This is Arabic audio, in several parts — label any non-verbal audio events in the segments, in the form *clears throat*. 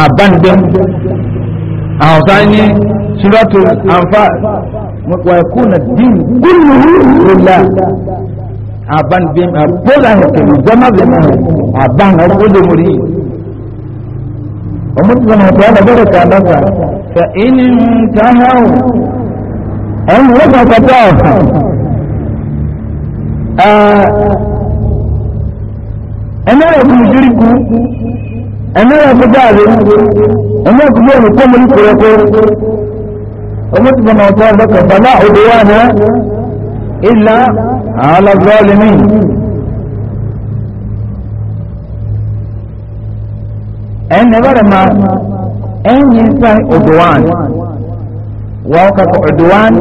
Abandon a hausa ne suratul anfal wa yakuna din kulluhu lillah aban bin abola hoto zama zama aban abola muri wa mutum zama hoto yana baraka nasa fa in tahau an wata fata a ana da jirgin ẹ̀mí rẹ̀ kó jáde ẹ̀mí ẹ̀kú bí ẹ̀mí kọ́mọ ní kúrẹ́kọ́ ọmọ tí bọ̀nà ọ̀tọ́ ọ̀dọ́kọ̀ bàbá òde wà ní ilà àlọ́gbọ́ọ̀lì mi. ẹ̀yìn ẹ̀bẹ̀rẹ̀ máa ẹ̀yìn ní sáà òde wà ní wọ́n kọ́kọ́ òde wà ní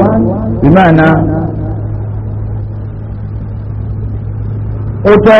bímọ àná ó tẹ́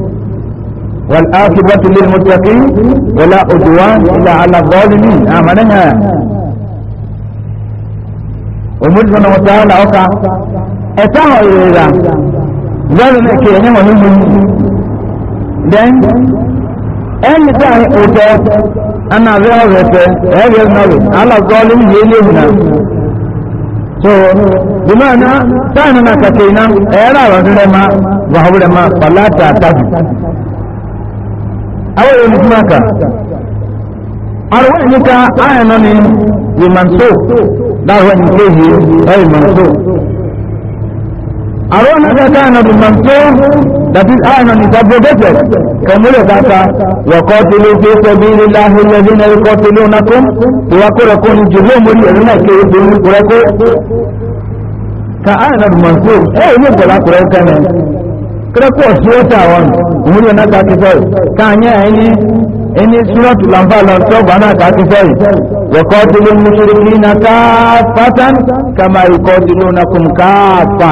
والآخرة للمتقين ولا أدوان إلا على الظالمين آمنها ومجمنا وتعالى وقع أتاه إلى ظالم أكيني وهم لأن أن تعي أوتا أنا ذهبت هذه النظر على الظالم يليهنا so bimana tana na kakina era wa hulema wa hulema falata tafi awon yau mutum haka arwani ka aya nan ne yi manso da wani ke yi ɗari manso arwani ka ta na bi manso da fi aya nan ta bobete kamar da ta wa kotilu fi sabili lahi lalzi na kotilu na kun wa kura kun jiro muri yanzu na ke yi domin kura ko ka aya na bi manso eh ne kura kura kanan kílẹ̀kọ̀ sí ọ́tà wọn òun yóò náà kí sọ́yì káàyẹ́ ẹni ẹni súrọ́tù làǹfà lọ sọ́gbà náà kí sọ́yì wọ̀kọ́ tí ló mú sórí kí iná káàpátán kàmà ìkọ́ tí ló na kùn káàpá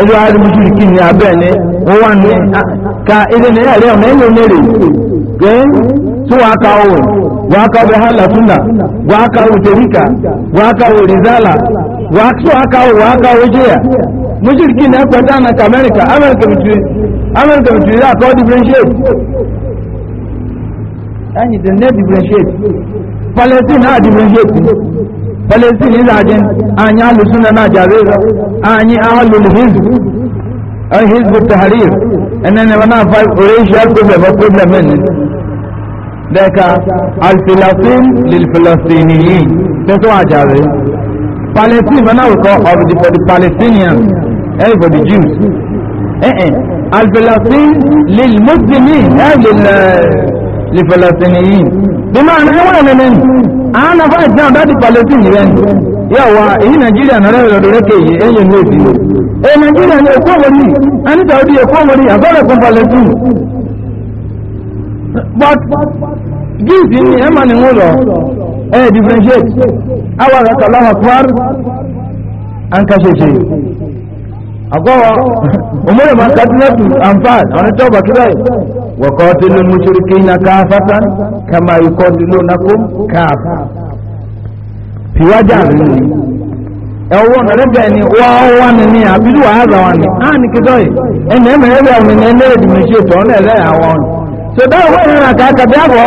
ẹjọ́ àárín mú sórí kí ni abẹ́ ni wọ́n wà ní ká ilé ní ẹ̀rẹ́ ọ̀nà ẹ̀yọ́ mẹ́rẹ̀ pé tí wàá ka òun wàá ka bẹ́hà làtúnà wàá ka òun tèríkà wàá ka òun rìzálà wàá ka òun wàá mushirki na kwata na america america bitiri america bitiri da kawo differentiate yanyi da ne differentiate palestine na differentiate palestine is ajin anyi alusuna na jarira anyi ahalul hizb an hizb tahrir ene ne wana five racial problem a problem ne daga alfilasin lilfilastiniyin da to a jarira palestine wana ko of the, for the palestinians and for the Jews. الفلسطين للمسلمين أو للفلسطينيين بمعنى أولا من أنا فايت نعم بعد فلسطين يعني يا وا إيه نيجيريا نرى لدركة إيه ينوي إيه نيجيريا يكون ولي أنا تعودي يكون ولي أفضل أكون فلسطين but Jews in Yemen and Wolo eh differentiate awa rakallahu akbar an kashe shi agọ́wọ́ umar ma katinatu anfal wani tó bá kílẹ̀ wa kọ́tìlú mushrikin na káfàtà ka yi kọ́tìlú na kó káfà fiwájà rẹ̀ ni ẹ̀wọ́n rẹ̀bẹ̀ ni wọ́wọ́ ni ni àbílù àhàzà wa ni a ní yìí ẹni ẹ̀mẹ̀ ẹ̀rẹ̀ ṣe tọ́ ní ẹ̀rẹ̀ àwọn bẹ́ẹ̀ wọ́n àkàkà bí àbọ̀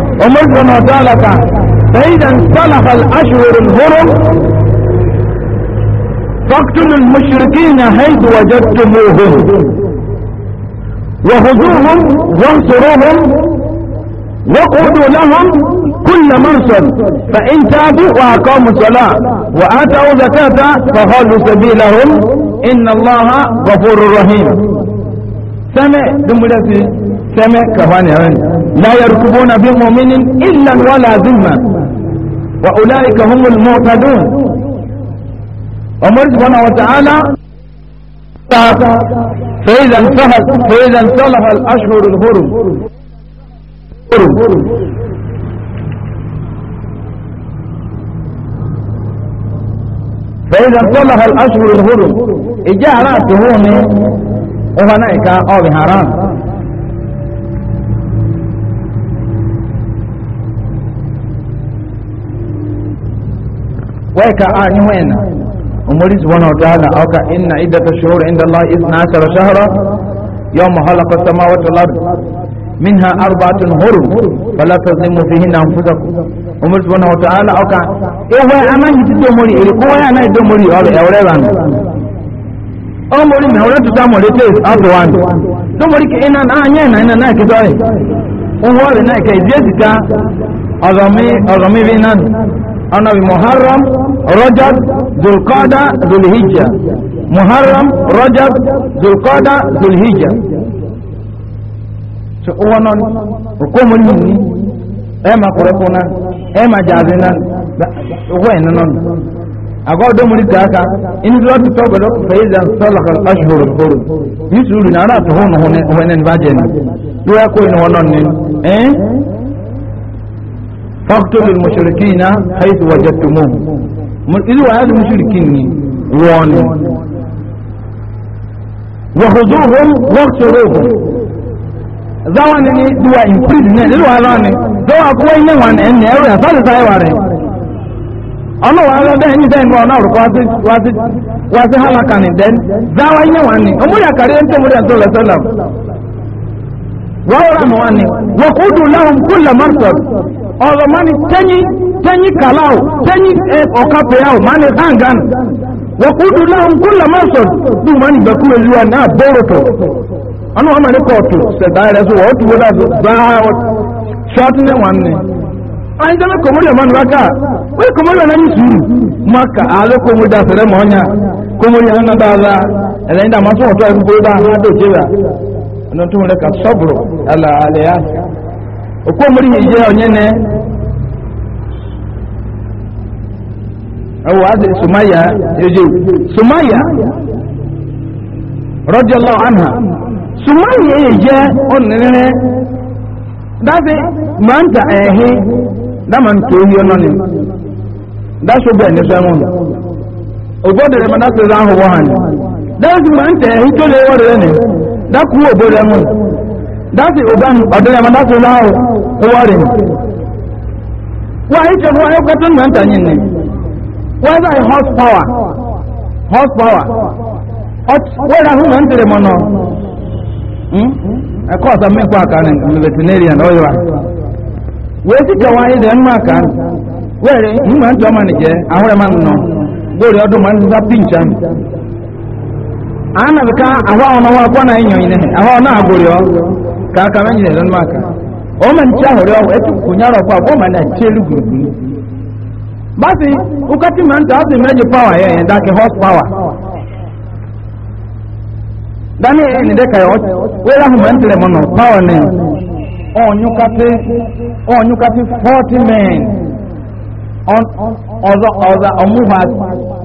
ومنذ ما ذلك فإذا انسلخ الأشهر الهرم فاقتلوا المشركين حيث وجدتموهم وخذوهم وانصروهم وقعدوا لهم كل منصب فإن تابوا وأقاموا الصلاة وآتوا زكاة فخلوا سبيلهم إن الله غفور رحيم سمع دمولتي سمع كفاني لا يركبون بمؤمن إلا ولا ذمة وأولئك هم المعتدون ومرد سبحانه وتعالى فإذا انتهت فإذا انتهى الأشهر الهرم فإذا انتهى الأشهر الهرم إجاه رأسه هنا وهناك أو بهاران waika a ni wayna umuri subhanahu wa ta'ala aka inna iddatash shuhur inda Allah 12 shahra yawma khalaqa as-samawati wal ard منها أربعة هرم فلا تظلموا فيهن أنفسكم عمر سبحانه وتعالى أوكا إيه هو أمان يتدو مولي إيه هو أنا يتدو مولي أولا يا ولي بان أو مولي من هولا تدو مولي تيس أرض وان دو مولي كإنا نعنينا إنا ناك دوي وهو لنا كإزيزتا أظامي أظامي بينان أنا بمحرم رجب ذو القعدة ذو الهجة محرم رجب ذو القعدة ذو الهجة so owa non okomo nyini ema koreko nan ema jaze nan owa ina non ago do muri taka in do to to godo fa iza salakh al ashhur al hurum yusuri na na to hono hone hone ni baje ni do ya ko ina wonon ni eh faqtulul mushrikina haythu wajadtumuhum ilu wa yadu mushrikin ni woni wa khuduhum waqtuluhum zawani ni duwa in prison ne ilu wa lani dawa kuwa ina wa ne ne ẹrù ẹsọ ti sáyẹ wa rẹ ọlọ́wọ́ alẹ́ bẹ́ẹ̀ ní sẹ́yìn wọn náà rúkọ wá sí hálàkà ní dẹ́n záwa iná wa ni ọmọ yà kárí ẹni tó mú rẹ̀ sọ́lọ̀ sọ́lọ̀ wawara mawani wa kudu lahum kulla marsad ọ̀rọ̀ mani tẹ́yí tẹ́yí kalaw tẹ́yí ọ̀kápẹ̀ eh, yàwó mani zangan wa lahum kulla marsad dùn mani bẹ̀kú ìlúwa náà bẹ́rẹ̀tọ̀ ọ̀nà ọmọ ní kọ̀ọ̀tù sẹ̀dá rẹ̀ sọ wọ́n ti wọ́n dáa báyà ṣọ́ọ̀tì ní wọn ayi dama komori ya manu aka wai komori ya nani maka alo komori da sere mo nya komori ya nana ba la ele nda maso to e ko ọ̀nà tó ka rẹ̀ kà sọ́bùrù alàálẹ̀ òkú òmùrí yìí jẹ́ ọ̀nyẹ́nẹ́ ẹwọ adé sùmáyà ya. àná yìí jẹ́ ọ̀nẹ́rẹ́ dáfẹ́ máa ń ta ẹ̀hín dáma ń tó yí ọ̀nà ni dáṣọ bẹ́ẹ̀ ní rẹ̀ máa dákú òbó rẹ̀ mú dákú òbán ọ̀dọ́ yẹn máa dákú láàrú owó rẹ̀ wọ́n ayé ṣẹ́gun ayé kẹ́tọ́ ní mẹ́ta yìí ni wọ́n ẹ̀dá horse power horse power wọ́n ẹ̀dá fún mẹ́ta mọ́ nọ hmm? ẹ̀kọ́ ọ̀sán mẹ́kọ́ àkàrin veterinarian ọ̀yọ́ wọ́n ti kẹwàá ayé rẹ̀ ń mú àkàrin wọ́n ẹ̀rẹ̀ ń ń tọ́ ọmọ nìjẹ́ àwọn máa ń nọ gbóòrè ọdún máa ń sá anabika awa ọna wa kwa na enyo ine awa ọna agori ọ ka aka menyi ne lọnwa aka o ma nche na elu gburugburu basi ukati ma asị meji pawa ya ya dake hot pawa eh, hu n'o pawa ne 40 men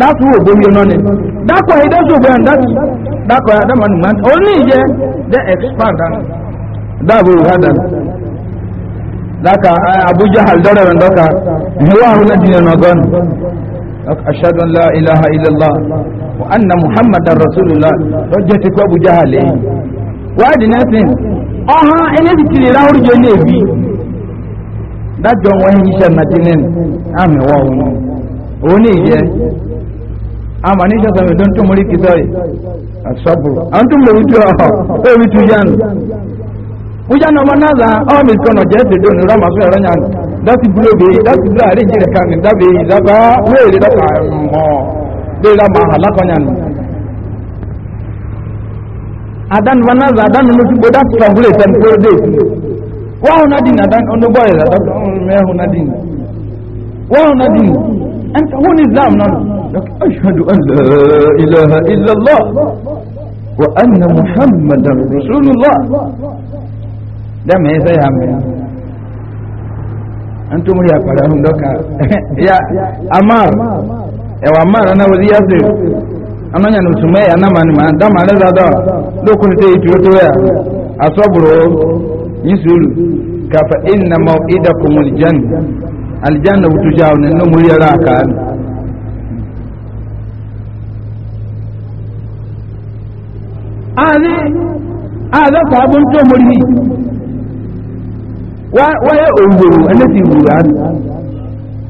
dákú ògbómi ọ̀nà ni dákú ayé dákú ògbómi ọ̀nà dákú ayé dákú ọ̀nà mọ́tò ó ní ìyẹ́ dẹ́ expand and dáàbò ìhádàn dáka abuja haldara rẹ̀ dọ́ka ìwọ́ àrùn náà dínà náà gọ́nù aṣáájú ńlá ilaha ilẹ̀lá wa anna muhammad rasulula lọ́jọ́ ti kọ́ abuja halẹ̀ yìí wáá di nẹ́sìn ọ̀hán eléyìí ti lè ráwùrú jẹ́ ní èbí dájọ́ wọn yìí ṣe nàdínlẹ́ni àmì wọ́n òun òun ní ìyẹ́ amaanisha sami don tó mori kisɔyi asabu an tún bɛ wutu ɔ o wutu yanu na ɔmɔ naza ɔ mi kɔnɔ jɛ ti don nira masu yɛrɛ yanu dati bulo be yen dati bulo ale jire kan nin dabe daba wele dɔ ka mɔ bee la maa hala kɔ yanu adan wa naza adan nu ti boda tɔnkule sɛn kolo de wa hona din adan ɔnu bɔ yɛrɛ dɔ mɛ hona din wa hona na ɛn ka hun islam nɔnɔ. أشهد أن لا إله إلا الله وأن محمدا رسول الله ده ما يا عمي أنتم يا فرهم لك يا أمار يا أمار أنا وزي أسر أنا يا نسمي أنا من من دم على هذا لو كنت يتوتوا أصبروا يسول كفإن موئدكم الجنة الجنة وتجاونا نمر يراكان àádọ́ta agbóhùn tó mọ̀ rí wáyé òwúrò ẹlẹ́sì ìwúrò àmì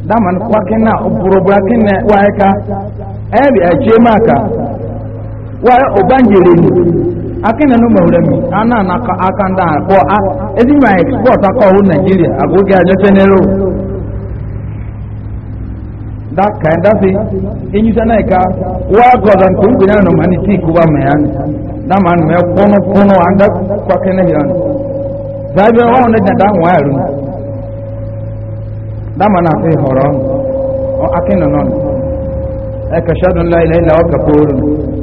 dáman kwakin na ọ̀pọ̀rọ̀bọ̀ akin ka wáyé ká ẹ̀rì waye máa ni akin na numọ̀ mi aná na aka ń dáhà kọ́ ẹ̀dí máa export akọ̀ ọ̀hún nàìjíríà da kayan da sai in yi sanai ka wa gozan kun kun yana mani ti ku ba mai an da man mai kono kono an da kwa kana hiran da bi wa ne da wa run da man na sai horon o akin non e ka shadun la ilaha illa ka por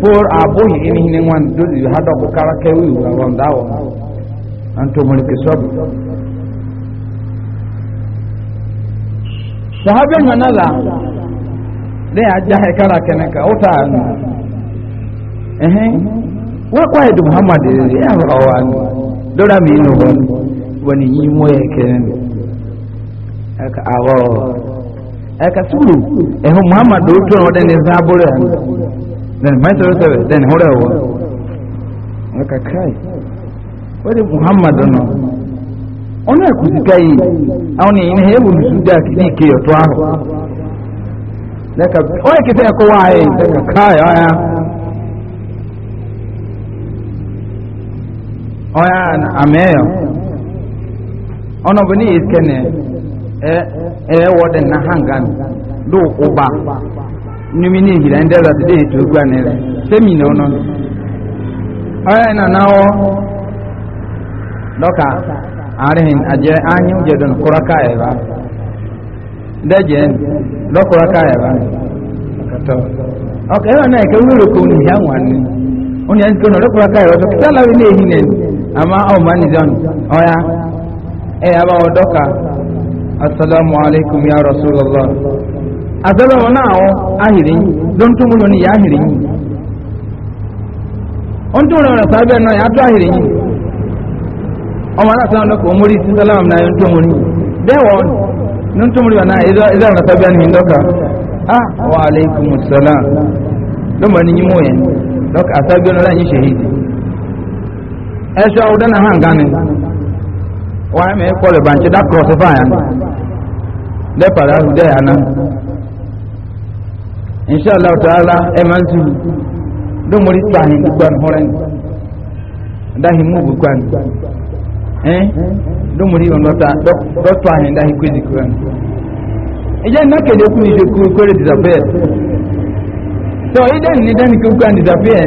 por abuhi in hin wan do you had up kara kai wi ron dawo an to mulki sab sahabe ngana la ne ya ja haikara kenan ka wuta hannu ehe wa muhammad da ya rawa dora mu yi nuhu wani yi moya kenan aka awo aka suru ehe muhammad da wutuwan waɗanda ya zabura hannu dan mai tsoro tsoro dan horewa aka kai wani muhammad nan ọ̀nà ẹ̀kùsí ihe àwọn daga oye kita ya kowa yi daga oya oya na ameyo ono bini iske ne e e woden na hangan do uba nimi ni hira ndera de to gwa ne le semi na no oya na nawo doka arin aje anyu jedon kuraka e ba dejen eh. lokura kaya ba akato okay wa na ke wuro ko ni ya wanni oni an kono lokura kaya ba to tala we ne ama au mani don oya e aba assalamu alaikum ya rasulullah azaba wana o ahiri don tumulo ni ya ahiri on ya nun tumuri wana idan idan na tabiyan hin doka ah, ah wa alaikum assalam don ba ni yi moyen doka a ono ran yi shahidi e so udan han gane wa me ko le ban ci da crossfire yan da fara hu da yana insha Allah ta'ala e man su don muri tsahin kwan horen da kwan ndo muri ndota ndotwanye ndahikwezi kwani ije nakede kunije kwere disappear so ide ni dani ku kan disappear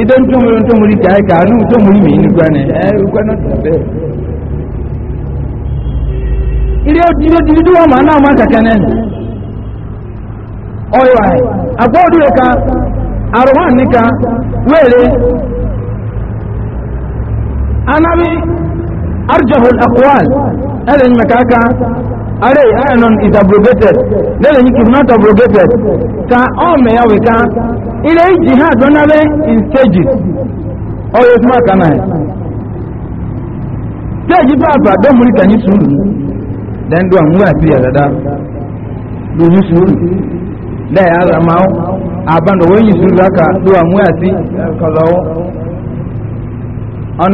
ide ntumuri ntumuri tai ka anu ntumuri mi ni kwani eh kwani disappear ile ile didu wa mana ma kakane oyo abodu ka arwan nika wele anabi أرجه الأقوال هذا المكاكا أري أنا is abrogated لذا نيك is not abrogated كا أم يا وكا إلى الجهاد أنا به in stages أو يسمع كنا stage baba don muri kan yi suru dan do an wa fiya da da do yi suru da ya zama aban da suru haka do an wa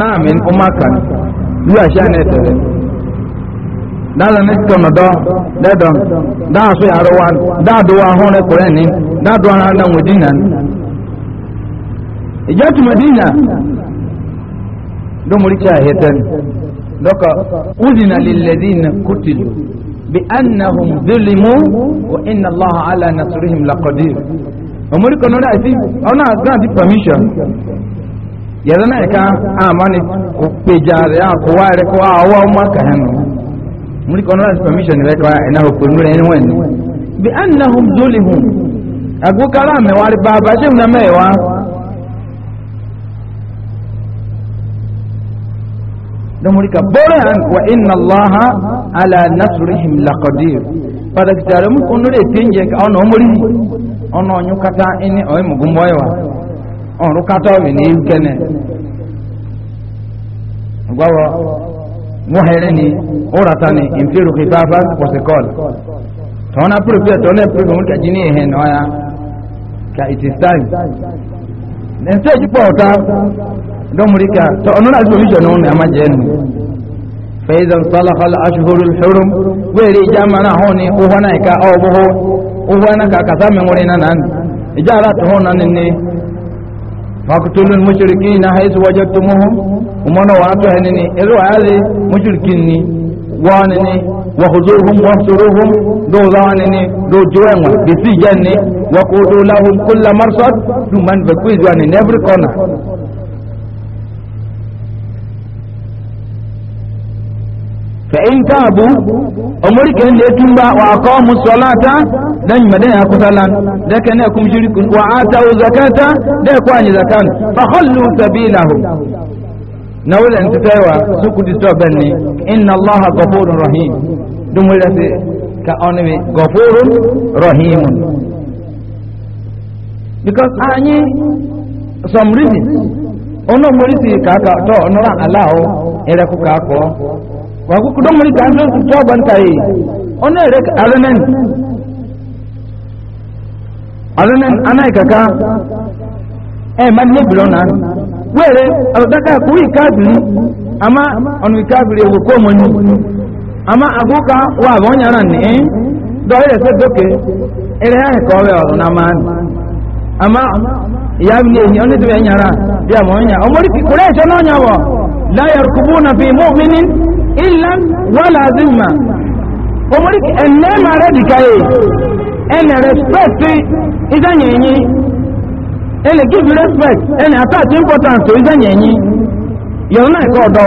amị maka bí àṣà ní ẹ̀tẹ̀rẹ̀ dáadọ́ ní tọ̀nà dọ́ dẹ́dọ̀ dáàṣọ yàrá wa dáàdọ́ wa hàn rẹ̀kọ̀rẹ́ ní dáàdọ́ ara náà wò dínà ìjọ tùmọ̀ dínà lómúrí tí a yẹ tẹ́ni dọ́kà údìnà lílẹ̀dínà kútìlù bí annahum zulimu wa inna allaha ala nasrihim laqadir omori kan náà ti ọ̀nà àti permission yanzu na ka amani ko pejare a ko wa re ko a wa ma ka hanu muri ko na permission re ko ina ko ko nure ni wani bi annahum zulihum agu kala me wari baba je na me wa da muri ka bore wa inna allaha ala nasrihim laqadir pada kitare mu ko nure tinje ka ono muri ono nyukata ini oy mugumboywa ọ̀run kátọ́ọ̀mì na gẹ́nẹ̀ gbọ́wọ́ wọ́hẹ̀rẹ́ ni ni ìfẹ́rù kìtàbá pọ̀sẹ̀kọ́l tọ́nà pírùpẹ́ tọ́nà pírùpẹ́ na kẹjì ka it is time nẹ́sẹ̀ ìjípọ̀ ọ̀tá dọ́mùríkà tọ́ ọ̀nà solution náà ní àmà jẹ́ nù fẹ́ẹ́zàn sálàkàlà na mara ara فاقتل المشركين حيث وجدتموهم ومن واتهنني إذو هذه مشركيني وانني وخذوهم واحصروهم دو ظانني دو جوانوا بسجني وقولوا لهم كل مرصد ثم انفقوا إذواني every corner fa'in tabu umurken da ya tumba wa aqamu salata dan madana ku salan da kan ya kum shirku wa atau zakata da ku an zakan fa khallu sabilahum nawala an taywa su ku disturb ne inna allaha ghafurur rahim dum wala se ka onwe ghafurur rahim because anyi some reason ono morisi ka ka wa ku kudin mulki an san su tsoban taye ona ere aranan aranan ana kaka eh man ne bilona were alodaka ku ikabiri ama onu ikabiri wo ko moni ama agoka wa abonya ran ni eh. do ere se doke ere ha ko we o na man ama ya bi ni oni do nyara dia mo nya o mori ki kure so no nya wo la yarkubuna fi mu'minin illan wala zimma omori ene mare dikaye ene respect izanyenyi ene give respect ene attach importance to izanyenyi yau na ko do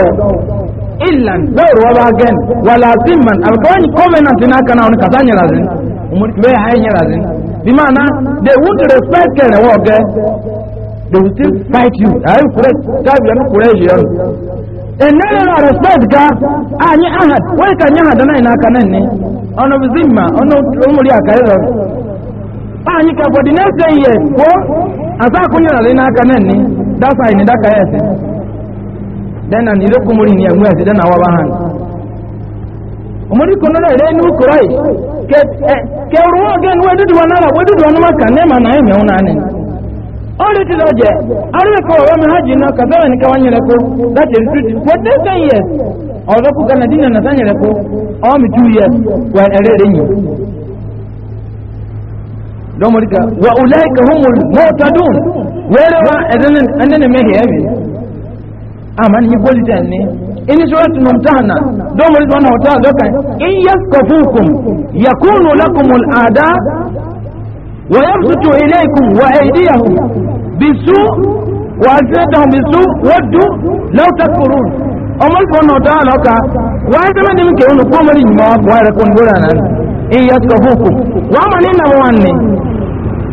illan bayar wa bagen wala zimman alkawani covenant na kana wani kasanya lazin omori be hayenya lazin bi mana they won't respect kene wo they will still fight you are you correct tabi you enere na respect anyị aha wee ka anyị aha dị naanị n'aka na nne ọnụ bụzi mma ọnụ ụmụrụ ya ịrọ anyị ka for na ese day years kwuo asa akwụnye na n'aka na nne that's why nida ya ese then na nire kwumuri ni enwe ese then awawa ha omori kono na ere ni ukoro ke eh, ke ruo oge nwe dudu wa nara we dudu wa numa ka nema na eme ụna anị only to Lodge. I don't know when Haji no Kazawa and Kawanyako, that is pretty. What they say, yes. Or Roku Kanadina Nathanielako, only two years while errating you. don't worry. like وأولئك هم المعتدون wherever and then may have it. Aman yi kwalita ne, eh? in his words, surat mumtana, don wani wani wata zaka, in yaskafukum, yakunu lakumul ada ويبسط إليكم وأيديهم بسوء وألسنتهم بسوء ودوا لو تكفرون أما سبحانه وتعالى وأنت من منك أن قوم الإجماع ويكون بلانا إن يسكفوكم ومن إن مواني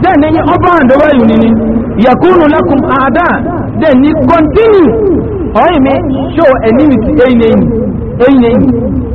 then ni ọba àndọba yìí nínú yakunu lakum ada then ni continue ọ̀hìn mi show enmity ẹ̀yìn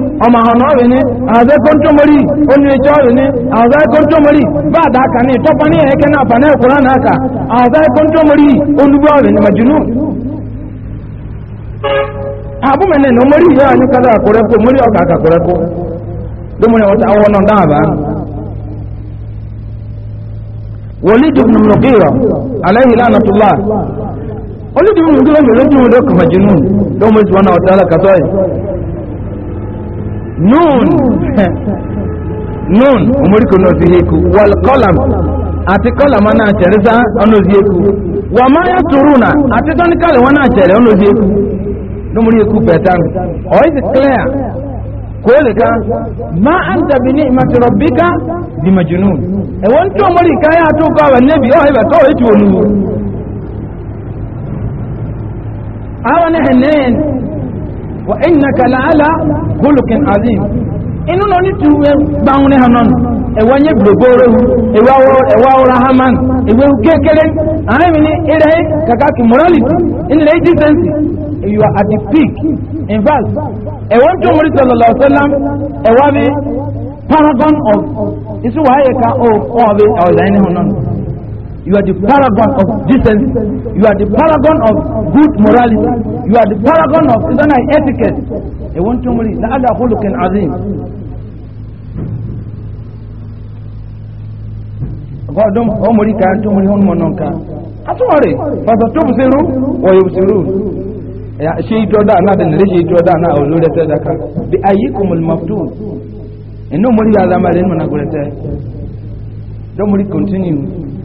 ọmọ àhànà ọ̀rẹ́ ní àzẹ́ kọ́ntọ́mọ́rí oníṣẹ́ ọ̀rẹ́ ní àzẹ́ kọ́ntọ́mọ́rí bá dáka ní tọ́pá ní ẹ̀ẹ́kẹ́ náà fà náà kúrán náà kà àzẹ́ kọ́ntọ́mọ́rí olúgbọ́ ọ̀rẹ́ ní màjúnú àbúmẹ̀lẹ̀ ní mọ́rí ìyá àyún kálá àkọrẹ́kọ́ mọ́rí ọ̀gá àkọrẹ́kọ́ lómọ́rí ọ̀tá àwọn náà dáàbá وليد بن المغيرة عليه لعنة الله وليد بن المغيرة من رجل لك مجنون لو مجوانا وتعالى كذلك nun nun omoriko na ozi heku wal kolam ati kolam a na-achere sa ọnụ wa ma ya tụrụ na ati tonikali wa na-achere ọnụ ozi heku n'omori is clear kwele ka ma an tabi ni imati rabbika bi majnun e won to mori ka ya to ka wa nabi o oh, wa innaka la'ala khuluqin azim inu na ni tu baun ne hanon e ewa nye gbogoro e wa e wa ora haman e wa kekele ana mi ni ere kaka ki morality in le decency you are at the peak in fact ewa wa to muri sallallahu alaihi wasallam e wa bi paragon of isu wa ye ka o o bi o la ni hanon you are the paragon of decency you are the paragon of good morality You are the paragon of Sudanese etiquette. They want to marry. La Allah khuluqin azim. Gọ́dún ọmọrí ká tó mọ̀rí ọmọ náà ká. A tún wọ́n rè fàtọ̀ tó bù sírú wọ̀ yóò sírú. Ṣé she náà dẹ̀ lè ṣe ìtọ́dá náà ò lórí ẹsẹ̀ dáká. Bí ayé kò mọ̀lì mọ̀tò. Inú mọ̀rí yàrá máa rí nínú mọ̀nà gbọ́dẹ̀ tẹ́. Dọ́mọ̀rí continue.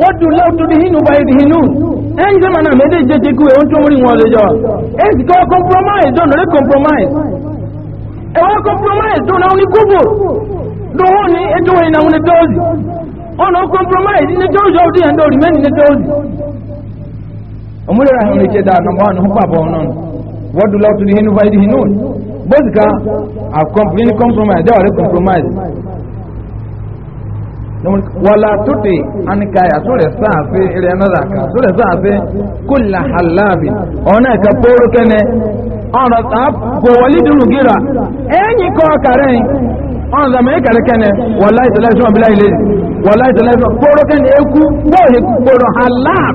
wọ́dù lọ́tù ní hínú bá ìdí hínú ẹni sẹ́mà náà méjì jẹ́ ti kú ẹ̀hún tó múrí wọn lójọ́ èsì kọ́ compromise dọ́nà rí compromise ẹ̀wọ́ e compromise tó náà ní kúbò lówó ní ètò ìnà wọn dọ́ọ̀zì ọ̀nà compromise ní dọ́ọ̀zì ọ̀dí ẹ̀ ń dọ́ọ̀rì mẹ́ni ní dọ́ọ̀zì ọmọdéra hàn lè ṣe dáa nọmba ọ̀nà púpà bọ̀ ọ̀nà wọ́dù lọ́tù ní hínú bá ìdí hínú bọ́sìkà àkọ́mp wala tuti an kaya sore saafi ire nada ka sore saafi kulla halabi ona ka poru kene ona ta go wali duru gira enyi ko kare ona da me kare kene wallahi tala so bila ile wallahi tala so poru kene eku bo he ku halab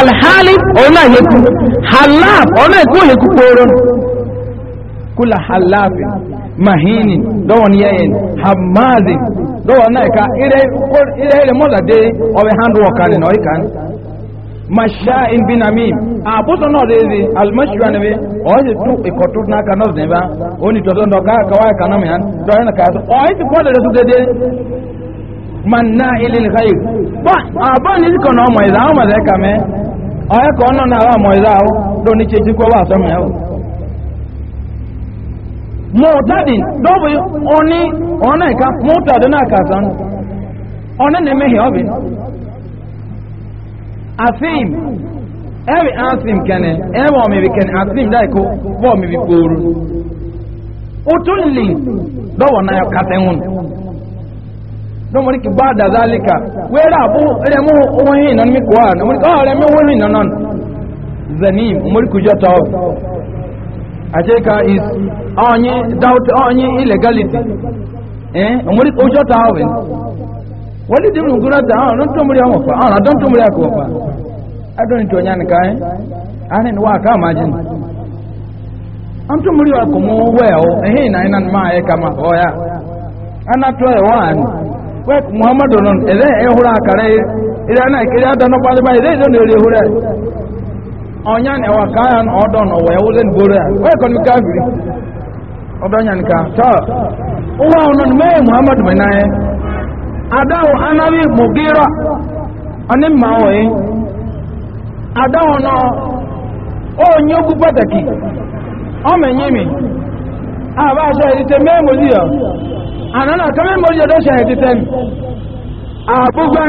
alhalib ona he halab ona ku he ku poru kulla halabi mahini dɔwɔni yɛyɛ hamazi dɔwɔni náà ka ire ire mɔlade ɔbɛ hand work kan na ɔyi kan masha in binami aboso náà de zi alimasiwa ni bi ɔyɛ tu ikɔtu náà kan náà zɛnba oni tɔtɔ dɔ kaa kawa kan náà mɛyan dɔwɔni náà kaa so ɔyɛ ti kɔɔle resu dede man na ili ni hayi bɔn abɔn ni kɔnɔ ɔmɔ yi la ɔmɔ yɛ kamɛ ɔyɛ kɔnɔ náà ɔmɔ yi o do ni tse ti kɔ wa sɔmi yɛ o. mutadin dɔbɔ yi ɔni ɔna yi ka mutadin na kasan ɔna na mehe asim ɛbi asim kɛnɛ ɛbi asim da yi ko bɔ ụtụ bi kooru na yɛ katɛnwun dɔmɔri ki ba da zalika wɛrɛ abu ɛrɛ mu wɔhin nɔnmi kuwa dɔmɔri ki ɔ ɛrɛ mi wɔhin nɔnɔn zanim mɔri achika is onye doubt onye illegality eh omuri ojo tawen wali de mun gura da on to muri awon fa on don to muri akwa fa adon to nyan kai eh. anen ah, wa ka majin on to muri wa mo we eh, eh na ina ma e kama oya oh, ana ah, to e wan we muhammadu non ele e hura kare ira na kire adon pa ba ile don ele hura ọnya na ẹwà káyà na ọdọ na ọwọ ẹwọ lẹnu gbóró yà wọ́n kọ́ ọdọ nya nìka tọ́ Ụwa àwọn na mẹ́rin muhammad mẹ́nayẹ adáwọ̀ mma wọ̀ yìí adáwọ̀ nọ ọ̀nyẹ́ ogún pàtàkì ọmọ ẹ̀yẹ́ mi àbá ya.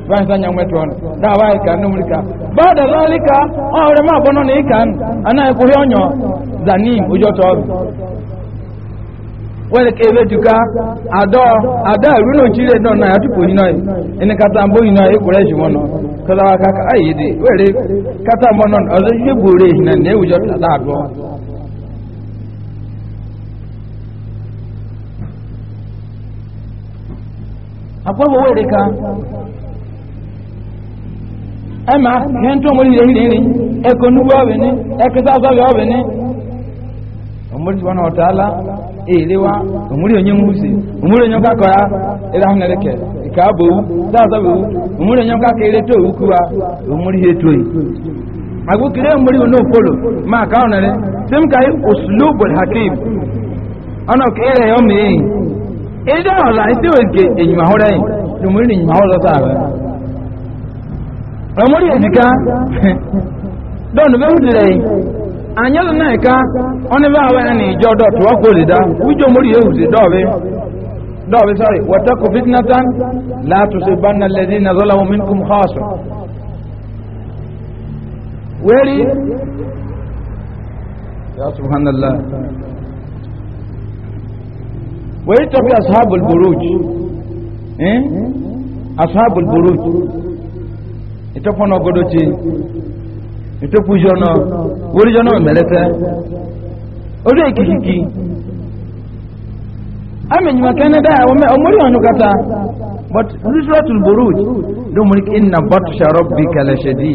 ban sanya mwetu ono da wai ka no mulika bada ọ ore ma bono ne kan ana ko yonyo zanim ujo to wele ke be duka ado ru no chire na atupo ni noy ene kata mbo ni noy ko reji kala ka ka ayide wele kata mbo ozo ye gore na ne ujo ta do Ema ihe ntọ́ mọ́lì yẹ hìrì hìrì ẹ̀kọ́ nubú ọ̀bẹ̀ ni ẹ̀kẹta sọ́bẹ̀ ọ̀bẹ̀ ni ọtala wọn ọ̀tá onye nwusi òmùrí onye nkakọ ya ere ahụ nereke ka owu bụ owu owu kuwa òmùrí ihe toyi agbókèrè òmùrí onye okporo ma ka ọ nere sim ka osulu obodo hakim ọnà ka ere ya ọmụ eyi ịdị ọla isi oge enyimahụrụ eyi òmùrí na enyimahụrụ ahụ ọmọdé èjìká dọ́nù bẹ́ẹ̀ wùdìrẹ̀ yìí ànyẹ́lù náà ká ọ́nìbá àwọn ẹni ìjọ dọ̀tù wá kó lè dá wíjọ mórí èwùdì dọ́ọ̀bí dọ́ọ̀bí sọ́rí wọ́tẹ́kù fitnatan látùsí bánà lẹ́dí na zọ́láwọ́ minkum hásùn wẹ́rí ya subhanallah wẹ́rí tọ́kì ashabul buruj eh buruj ìtọ́pọ̀nà ọgọdọ́tì ìtọ́pùjọ́nà oríjọ́nà mẹ́lẹ́tẹ́ orí èkìkìkì amẹ̀yìn wọn kẹ́ni dáa ọmọrí ọ̀nù kata but ritual buruj ló mú ní iná bọ́tù sàrọ́ bí kẹlẹ́ṣẹ̀dì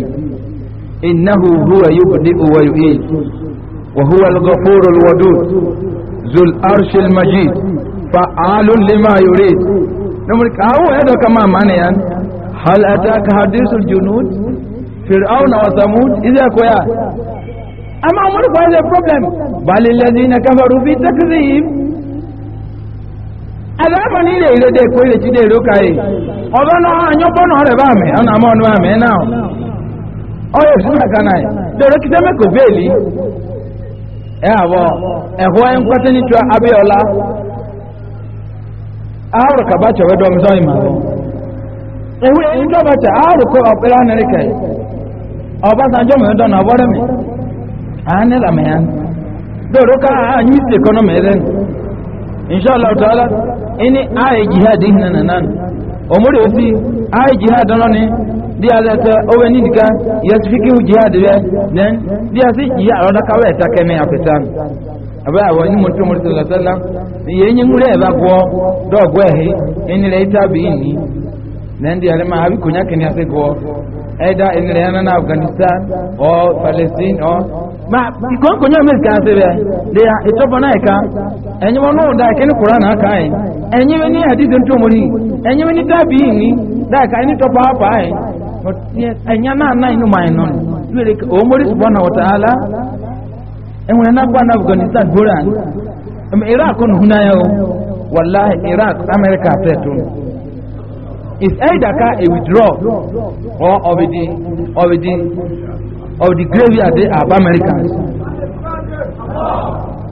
iná huhu ẹ̀yọ́ bùdí owó yìí وهو الغفور الودود ذو العرش المجيد فعال لما يريد نمرك أو هذا كما معنى يعني hal أتاك حديث الجنود فرعون وثمود إذا كويا أما عمرك هذا problem بل الذين bali في تكذيب aláàmọ́ ní ilé ìlédè kó ilé tí dé lókàáyé ọ̀rọ̀ náà àyọ́bọ̀nà rẹ̀ bá mi ọ̀nà àmọ́ ọ̀nà àmì náà ọ̀rọ̀ ìsúnmọ̀ kaná ẹ̀ lórí kí sẹ́mẹ́kò bẹ́ẹ̀lì ẹ̀ àwọ̀ ẹ̀họ́ ẹ̀ ń pẹ́tẹ́ nítorí abẹ́ọ̀lá àárọ̀ kàbáṣọ̀ wẹ́dọ̀ ewu ẹjọ́ bẹ̀tẹ̀ àárùkọ ọ̀pẹ̀rẹ̀ anẹ́ríkẹ̀ ọbásanjọ́ mẹ́rin dọ́nà ọwọ́rẹ́ mi àánìlà mẹ́rin lóòrò ká àányí sí ẹ̀kọ́nà mẹ́rin inṣọ́lá ọ̀tọ́lá ẹni ààyè jihad ìhìnà nànán òmúrè ọ sí ààyè jihad ọ̀nà ni bí a lẹ́sẹ̀ owó ọ nìkan yẹtifikiru nendi alema abi kunya kenya se go either in Lebanon Afghanistan or Palestine or ma ikon kunya mes ka se be de itopo na eka enyi mo no da ke ni Quran aka en enyi me ni hadith nto mo ni enyi me ni dabi ni da ka ni topo apa en but yes enya na na inu mai non dwele o mo subhanahu wa ta'ala enwe na kwa Afghanistan boran Iraq on hunaya wallahi Iraq America tetun is either ka a withdraw or of the of the of the graveyard of Americans.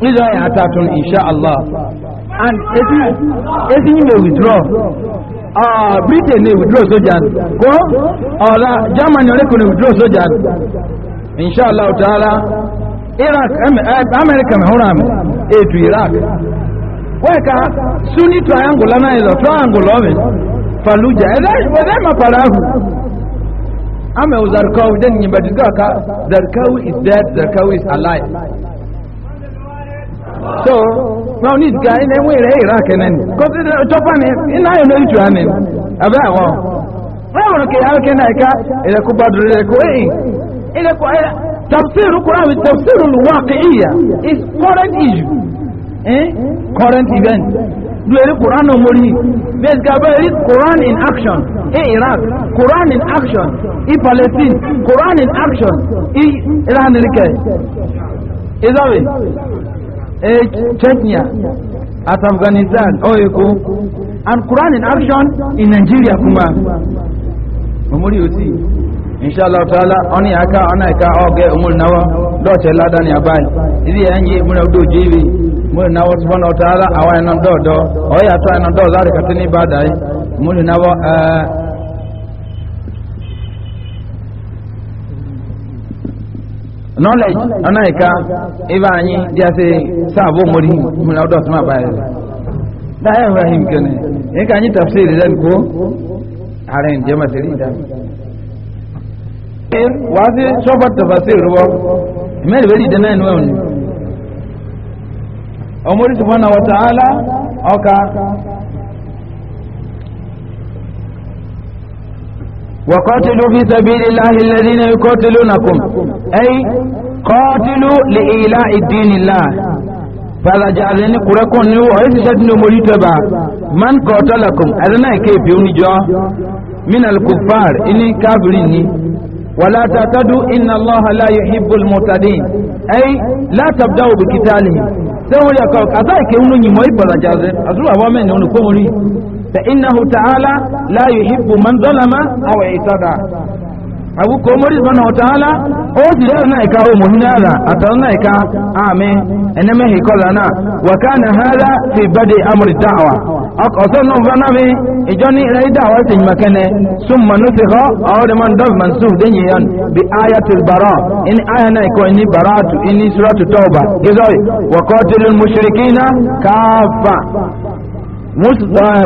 These are Hatatun, inshallah. And if you, if may withdraw, uh, Britain may withdraw soldiers, go, or uh, Germany can withdraw soldiers, inshallah ta'ala. Iraq, uh, America, Horam, A to Iraq. Where can Sunni triangle and triangle of it? faluja ba zai ma farahu amma ah, yau zarkawu dan yi bada daga zarkawu is dead zarkawu is alive so now need ga ina enwe ire ira kenan ko ti chopa ni ina yo no itu amen abe awo awo ke awo ke na ka ila ku badru ila ku eh ila ku tafsir quran tafsir al waqi'iyya is current issue eh current event do eri quran no mori bes ga ba eri quran in action e iraq quran in action e palestine quran in action e iran rike izawe e chechnya at afghanistan oyeko and quran in action in nigeria kuma omori oti inshallah taala oni aka ona ka oge umul nawa do che ladan ya bai idi enyi mura do jibi muri na wasu bana wata ala a wayan nan dodo o ya to nan dodo zari katin ibada yi muri na wa eh, knowledge ana ika iba anyi dia se sabo muri muri na dodo ma ba yi da ya wa him kene in ka anyi tafsir dan ko haren jama tiri dan wazi sobat tafsir ruwa imel beri dana nwa ni omori subhanahu wa ta'ala oka وقاتلوا في سبيل الله الذين يقاتلونكم أي قاتلوا لإيلاء الدين الله فذا جعلني قرأكم نيو أيضا شدن مريتبا من قاتلكم أذنا كيف يونجا من الكفار إني كابريني ولا تعتدوا إن الله لا يحب المعتدين أي لا تبدأوا بقتالهم sẹ́wọ́n yà kọ́ àtà ìké ń lóyìn mọ́ ìbọ̀lá jáde àtúrò àwọn mẹ́rin òun kó wọn rí tẹ iná hu tààlà láàyò ìbò máa ń dọ́là má àwọ̀ ìtàdà àbúkọ mọ́rí sọ́nà ọ̀tààlà ó sì rẹ̀ náà ìka ohun mọ̀hún náà àtàwọn náà ìka àmì ẹ̀nẹ́mẹ́hìn kọ́lá náà wàkánà hàrá fi bẹ́ẹ̀ amúrì dáhàwà ọkọ̀ọ́sọ́ náà fana mi ìjọ ní ilẹ̀ ìdá àwọn ìsìn mẹ́kẹ́nẹ́ súnmọ̀ ní fi họ́ àwọn ọdẹ máa ń dọ́ọ̀bù mansuf dẹ́yìn yẹn bí aya ti bàrà ní aya náà ikọ̀ ní bàrà àtù ní sura tutọ́ọ̀bà gẹ́gẹ́ wọ̀kọ́ ti lu mushiriki náà káfà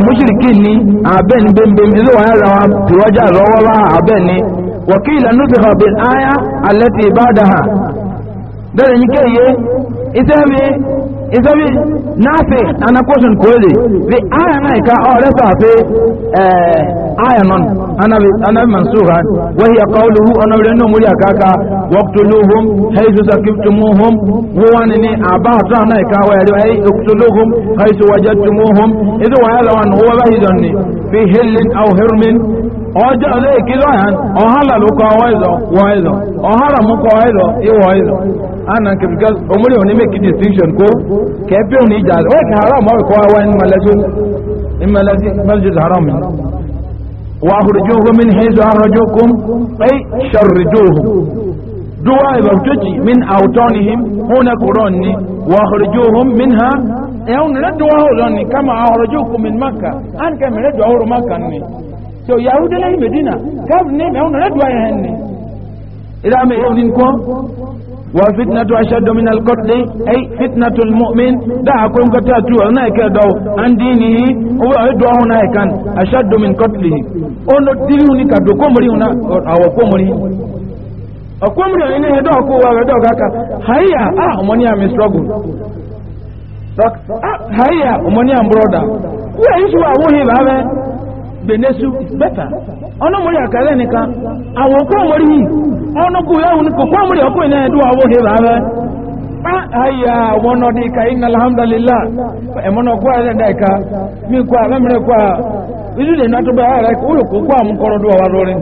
mushiriki ni abẹ́ni bẹ́ẹ̀ bẹ́ẹ̀ wọ́n yára wa isemi isemi nafe ana question kwele bi aya na ka o oh, le sa fe eh aya non ana bi ana mansuha wa hiya qawluhu ana bi muri akaka waqtuluhum haythu saqiftumuhum huwa ni aba ta na ka wa yari ay uqtuluhum haythu wajadtumuhum idu wa yala wan huwa bahidun fi hillin au hirmin ọjọ́ ilé ìkílọ̀ yẹn ọ̀hálà ló kọ ọwọ́ ìzọ wọ ìzọ ọ̀hálà mú kọ ìzọ ìwọ ìzọ ana nke because omori òní make distinction kó kẹ́ẹ́pì òní ìjà rẹ̀ wọ́n kì haram ọ̀rọ̀ kọ́ ẹwà ní malẹ́sí malẹ́sí malẹ́sí haram yìí wà ahùrùjúhùn mi ní hẹ́sọ̀ ahùrùjúhùn ẹ̀ ṣàrùjúhùn duwa ibabtuci min autonihim huna kuronni wa hurjuhum minha ehun redu wa huronni kama ahurjukum min makka an kam redu wa hur makka ni o Yahoo yahudi lẹ́yìn medina káàbù ní ẹ̀mẹ́ ọ̀nà rẹ̀dùn ayẹyẹ ni ìdáàmì ìhòòdì nǹkan wọ́n fitna tó aṣọ dominal kọ́tlé ẹ̀yí fitna tó mọ́mìn dáa kó ń kọ́tà tó ọ̀nà ẹ̀kẹ́ dọ́wọ́ andi ni yìí owó ẹ̀dọ́ ọ̀hún náà ẹ̀kan aṣọ domin kọ́tlé yìí ọ̀nà tìrìhùn ni kàdó kọ́mọ̀rì hùn àwọ̀ kọ́mọ̀rì ọ̀kọ́mọ̀rì ọ̀hún ni ẹ̀dọ́ ọ̀kọ́ wa ẹ̀dọ́ ọ̀kaka hayà ah ọmọ ní àmì struggle ah, hayà ọmọ ní àmì brother wíwá yìí ṣùgbọ́n àwọn òhìn bàbá benesu bẹ́tà ọlọ́mọrí àkàrẹ́ nìkan àwọn kó mọ̀rí yìí ọ̀nàkú ẹ̀hùn ní kò kó mọ̀rí ọkùnrin náà ẹ̀dùn àwọn òhèrè rẹ̀ ayà wọn ọdí ìka iná alhamdulilá ẹ̀mọ́nà kó ẹ̀rẹ́ dá ìka mí kó àmẹ́mìrẹ́ kó à ìdílé náà tó bá ẹ̀rẹ́ kó yóò kó kó àmú kọ́rọ́ dùn ọ̀wá lórí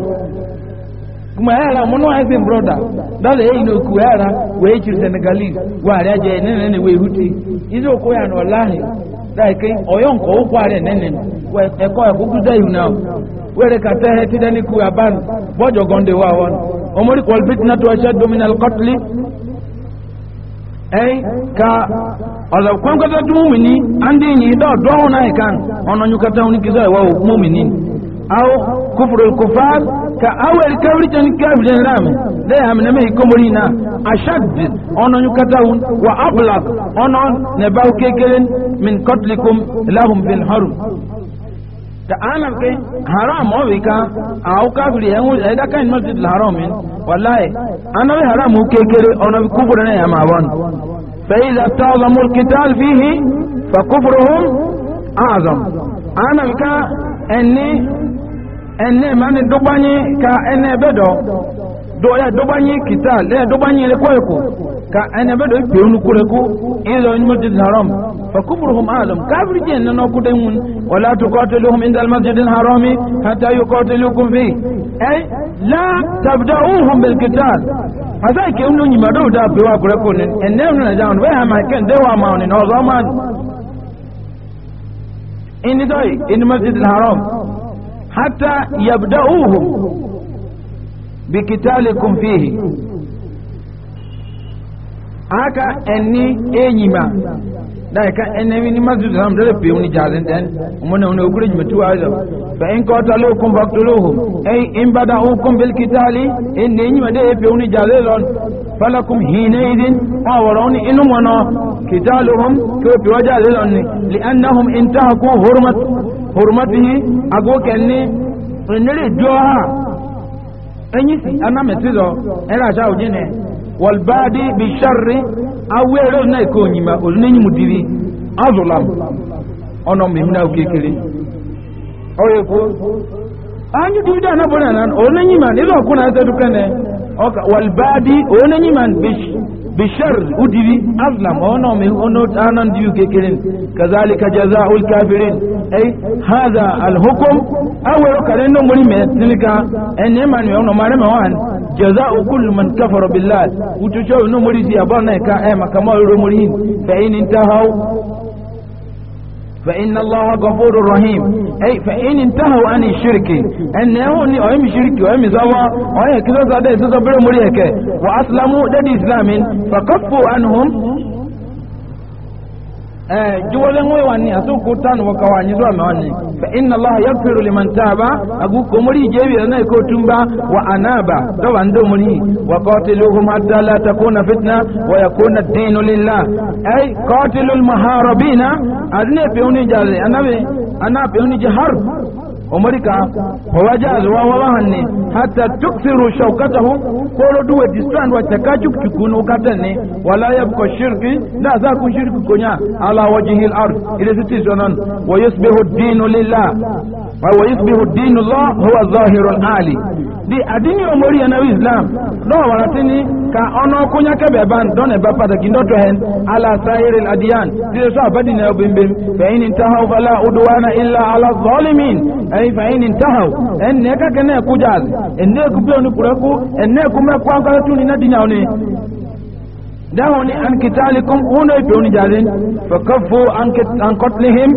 kuma ẹ̀rẹ́ àmọ́nà ẹ̀sìn brọ́dà dálẹ̀ èyí ní òkú ẹ̀rẹ́ wẹ́ẹ́ kiri senegalese wà àrẹ́jẹ ẹ̀nẹ́nẹ́nẹ́ wẹ́ẹ́ dáìké ọ̀yọ́nkọ̀ ó kọ́ ààrẹ nẹ́nẹ̀ ẹ̀kọ́ ẹ̀kúkú dẹ́yìn náà wẹ́rẹ̀ kàtẹ́ ẹ̀ tí dẹ́ni kú àbánu bọ́jọ̀ gọ́ndẹ̀ wà wọn omori kọ́ bítinà tó ẹṣẹ́ dominal cutly ẹ̀yìn ka ọ̀dọ̀ kọ́ńkọ́tọ́ tún wù ní andy yìí dọ́ dọ́hùn náà ìkan ọ̀nà nyukata wọn kì í sọ ìwà òkú mọ́mìnì àwọn kófòrò kófàá ka awel kabri tan kabri ram de ham na mehi komorina ashad ono nyukataun wa ablaq ono ne baw kekelen min qatlikum lahum bil harum ta alam ke haram o wika aw kabri en wul eda kan masjid al haram wallahi ana we haram o kekere ono kubur ne yama won fa iza ta'lamu al qital fihi fa kufruhum a'zam ana ka enni ene mani dobanyi ka ene bedo do ya dobanyi kita le dobanyi le koyko ka ene bedo ipe unu kureko ilo ni masjid haram fa kufruhum alam kafir je nana ku demun wala tuqatiluhum inda al masjid al haram hatta yuqatilukum fi ay la tabda'uhum bil qital hasa ke unu ni mado da be wa kureko ne ene unu na jawn we ha ma ken de wa ma ni no zaman ini doi masjid al haram حتى يبدأوهم بقتالكم فيه aka eni enyima daika enemi ni masjid sam dole pe uni jazen den umona uni ogure nyima tu azo fa in kota lokum faqtuluhum ay in bada'ukum bil qitali in enyima de pe uni jazen lon falakum hina idin awron inum wana qitaluhum ke pe wajazen lon li annahum intahaku hurmat hurmatihi ago kenni enere doha enyisi ana metizo era ja ujine wal badi bi sharri awero na onyima nyima ozunenyi mudiri azulam ono mimna ukekere oye ko anyu dibida na bona nan na man ilo kuna zedu kene oka wal badi onenyi man bishi بشر ودي أظلم أو نوم أو نوت أنان ديو كيرين كذلك جزاء الكافرين أي هذا الحكم أو يكرين نمري من تلك أن يمن يوم نمر مهان جزاء كل من كفر بالله وتجاو نمري زيابنا كأما كما يرمون فإن انتهوا فإن الله غفور رحيم أي فإن انتهوا عن الشرك أن يهوني أهم شرك أهم زوا أهم كذا زادة زادة مريكة وأسلموا دد إسلام فكفوا عنهم Eh, jiwale ngwe wani asu kutan wa kawani zuwa mawani fa inna allaha yaghfiru liman taba agu komuri jebi na ko tumba wa anaba to wando muri wa qatiluhum hatta la takuna fitna wa yakuna ad-dinu lillah ay qatilul muharibina adne peuni jale anabe ana peuni jahar omorika wawajazi wawawahanne hatta tukthiru shaukatahum koloduwe distrand watakachukchukunu ukatanne wala yabko shirki da zakun shirki konya ala wajihi lard ile sitisonon wayusbihu dinu lillah wayusbihu dinu llah huwa zahirun ali di adini omori yanawi islam do waratini ka ọnụ ọkụ nya kebe ban don eba pataki ndoto hen ala sairil adiyan tire so abadi na obimbim fa'in intahaw fala udwana illa ala zalimin ay fa'in intahaw en ne ka kana kujaz en ne ku biyo ni kuraku en ne kuma kwa kwa tuni na dinya ne dawo ni an kitalikum uno biyo ni jazin fakaffu an an qatlihim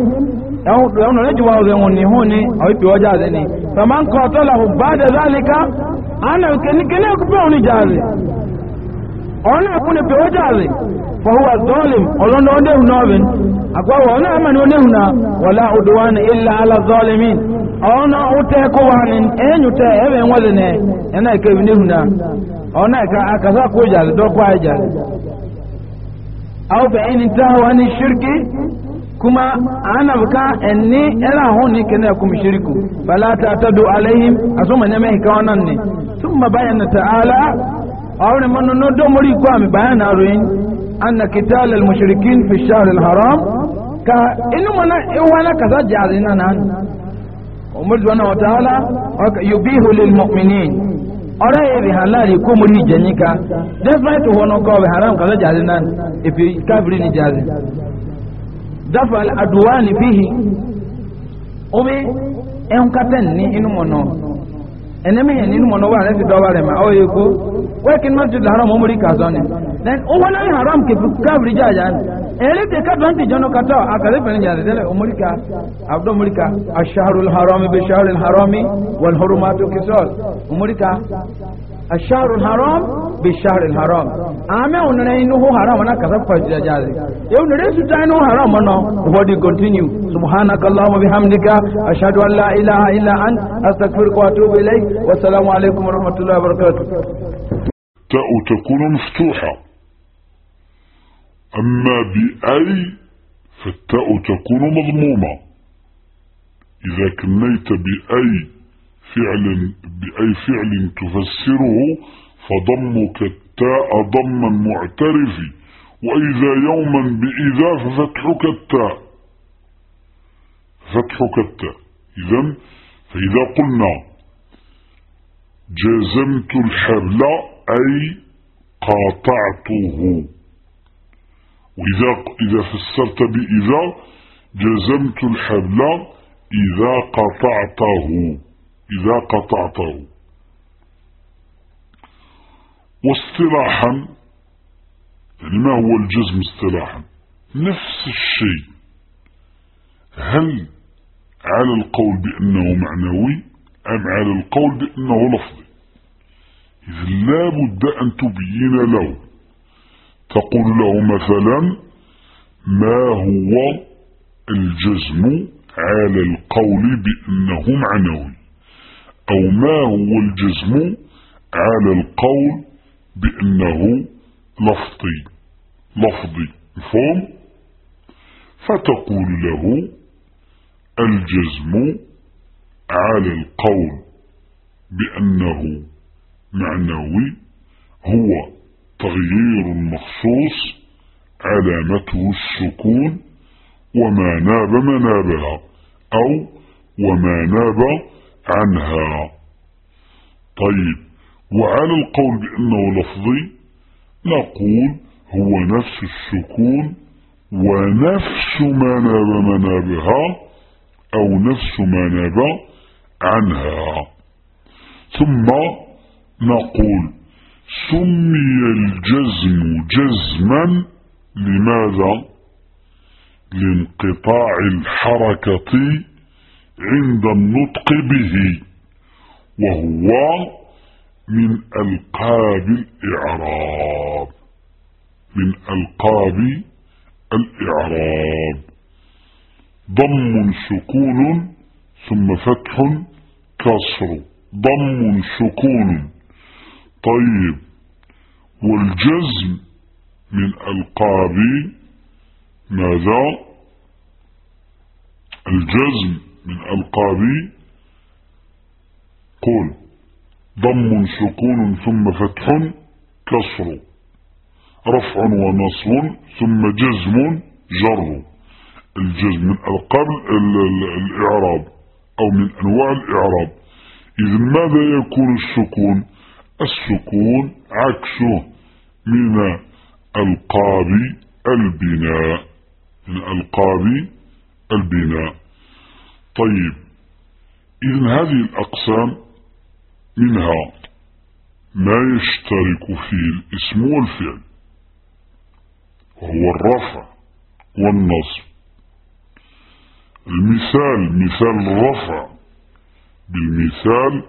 yawon na ji wawo zai wani hune a wifi waje zai ne faman kawatola ba da zalika ana kene kene ku biyo ni jazin ọ̀nà àkúnlẹ̀ pé ó jáàwẹ̀ fọ́húwà zọ́ọ̀lìm ọlọ́nà onéhùn náà rìn àgbáwọ̀ ọ̀nà àmàni onéhùn náà wọ̀lá òdòwà ní ilẹ̀ alazọ́ọ̀lìmí ọ̀nà ó tẹ́ kó wà ní ẹ̀yìn tẹ́ ẹ̀rẹ̀ wọ́lẹ̀ nẹ̀ ẹ̀nà ìkẹwì néhùn náà ọ̀nà ìka àkàsà kó jàlẹ̀ dọ́kọ́ kuma ana buka ẹni ẹra ahun ni kene kum shirku fala ta tadu ka أولي من ندو مريكو أمي بيان أروين أن قتال المشركين في الشهر الحرام كا إنو منا إوانا كذا جعلنا نان أمر سبحانه وتعالى يبيه للمؤمنين ọ̀rẹ́ èrè hàn láàrin kó mo rí ìjẹ ní ká despite wọn ọkọ ọbẹ̀ haram kan lọ́jà àdínà èfè káfírí ní jáde dáfà àdùwà ní fíhì omi ẹ̀hún ní inú mọ̀nà ẹnẹ́mí yẹn nínú mọ̀nà wà lẹ́sìn dọ́wà rẹ̀ mà ọ́ yẹ kó wẹ́kìn má ti làárọ̀ mọ́ mórí kà sọ́ni then owó oh, náà haram kẹfù káàbìrì jẹ́ àjà ni èrè tẹ kádùntì jọ́nà kàtọ́ àkàlẹ́ fẹ̀rẹ̀ yàrá tẹ́lẹ̀ omorika Haram omorika asharul harami bi sharul harami wal horumatu kisol omorika الشهر الحرام بالشهر الحرام اما اننا انه حرام انا كذا فاجي جاري يو نري سوتا انه حرام انا ودي كونتينيو سبحانك اللهم وبحمدك اشهد ان لا اله الا انت استغفرك واتوب اليك والسلام عليكم ورحمه الله وبركاته تاء تكون مفتوحة أما بأي فالتاء تكون مضمومة إذا كنيت بأي فعل بأي فعل تفسره فضمك التاء ضما معترف وإذا يوما بإذا ففتحك التاء فتحك التاء إذا فإذا قلنا جزمت الحبل أي قاطعته وإذا إذا فسرت بإذا جزمت الحبل إذا قطعته إذا قطعته واصطلاحا يعني ما هو الجزم اصطلاحا نفس الشيء هل على القول بأنه معنوي أم على القول بأنه لفظي إذ لا بد أن تبين له تقول له مثلا ما هو الجزم على القول بأنه معنوي أو ما هو الجزم على القول بأنه لفظي لفظي فهم فتقول له الجزم على القول بأنه معنوي هو تغيير مخصوص علامته السكون وما ناب منابها أو وما ناب عنها طيب وعلى القول بأنه لفظي نقول هو نفس السكون ونفس ما ناب منابها أو نفس ما ناب عنها ثم نقول سمي الجزم جزما لماذا لانقطاع الحركة عند النطق به وهو من ألقاب الإعراب من ألقاب الإعراب ضم سكون ثم فتح كسر ضم سكون طيب والجزم من ألقاب ماذا الجزم من ألقاب قول ضم سكون ثم فتح كسر رفع ونصب ثم جزم جر الجزم من ألقاب الإعراب أو من أنواع الإعراب إذا ماذا يكون السكون السكون عكسه من ألقاب البناء من ألقاب البناء طيب إذا هذه الأقسام منها ما يشترك فيه الاسم والفعل وهو الرفع والنصب المثال مثال الرفع بالمثال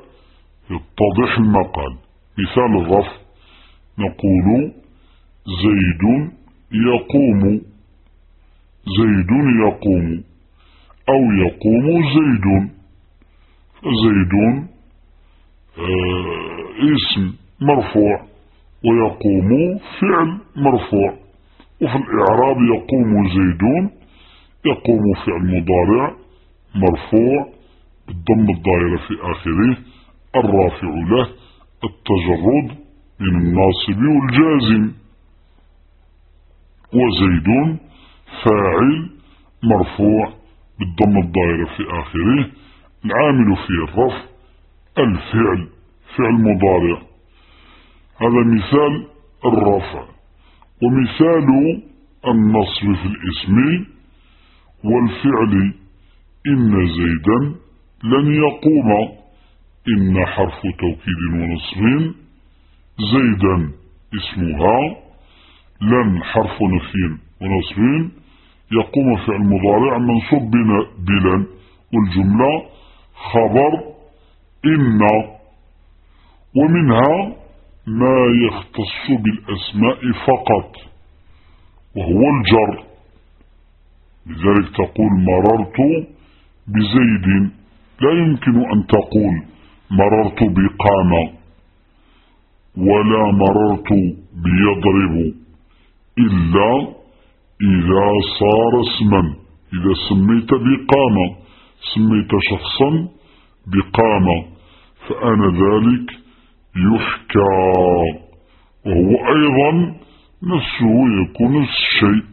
يتضح المقال مثال الرفع نقول زيد يقوم زيد يقوم أو يقوم زيد فزيد آه، اسم مرفوع ويقوم فعل مرفوع وفي الإعراب يقوم زيدون يقوم فعل مضارع مرفوع بالضم الضائرة في آخره الرافع له التجرد من الناصب والجازم وزيد فاعل مرفوع بالضم الضائرة في آخره العامل في الرفع الفعل فعل مضارع هذا مثال الرفع ومثال النصب في الاسم والفعل إن زيدا لن يقوم إن حرف توكيد ونصب زيدا اسمها لن حرف نفي ونصب يقوم فعل المضارع منصوب بلا والجملة خبر إن ومنها ما يختص بالأسماء فقط وهو الجر لذلك تقول مررت بزيد لا يمكن أن تقول مررت بقامة ولا مررت بيضرب إلا إذا صار اسما إذا سميت بقامة سميت شخصا بقامة فأنا ذلك يحكى وهو أيضا نفسه يكون نفس الشيء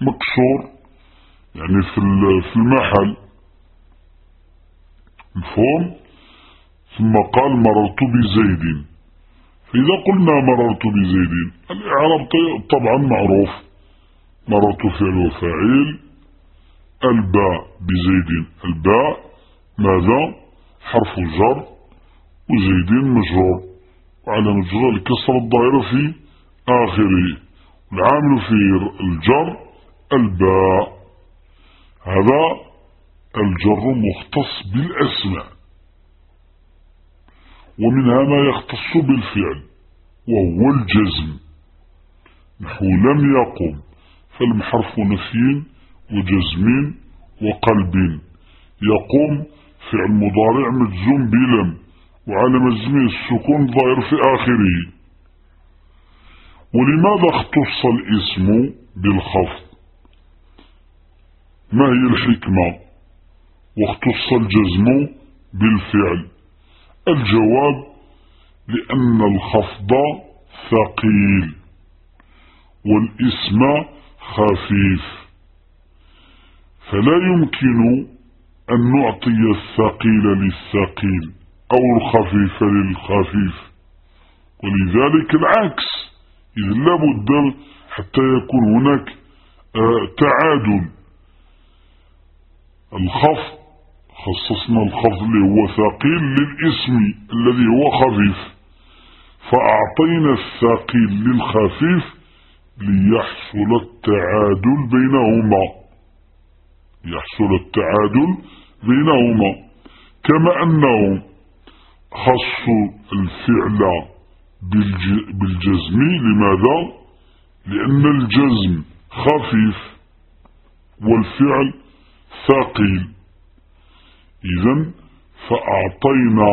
مكسور يعني في المحل مفهوم ثم قال مررت بزيد فإذا قلنا مررت بزيد الإعراب طبعا معروف مررت فعل وفاعل الباء بزيد الباء ماذا حرف جر وزيد مجرور وعلى مجرور الكسر الضائر في آخره العامل في الجر الباء هذا الجر مختص بالأسماء ومنها ما يختص بالفعل وهو الجزم نحو لم يقم فالم حرف نفي وجزم وقلب يقوم فعل مضارع مجزوم بلم وعلى مجزم السكون ظاهر في آخره ولماذا اختص الاسم بالخفض ما هي الحكمة واختص الجزم بالفعل الجواب لأن الخفض ثقيل والاسم خفيف فلا يمكن أن نعطي الثقيل للثقيل أو الخفيف للخفيف ولذلك العكس إذ لابد حتى يكون هناك آه، تعادل الخف خصصنا الخف اللي هو ثقيل للاسم الذي هو خفيف فأعطينا الثقيل للخفيف ليحصل التعادل بينهما يحصل التعادل بينهما كما أنه خصوا الفعل بالجزم لماذا؟ لأن الجزم خفيف والفعل ثقيل إذا فأعطينا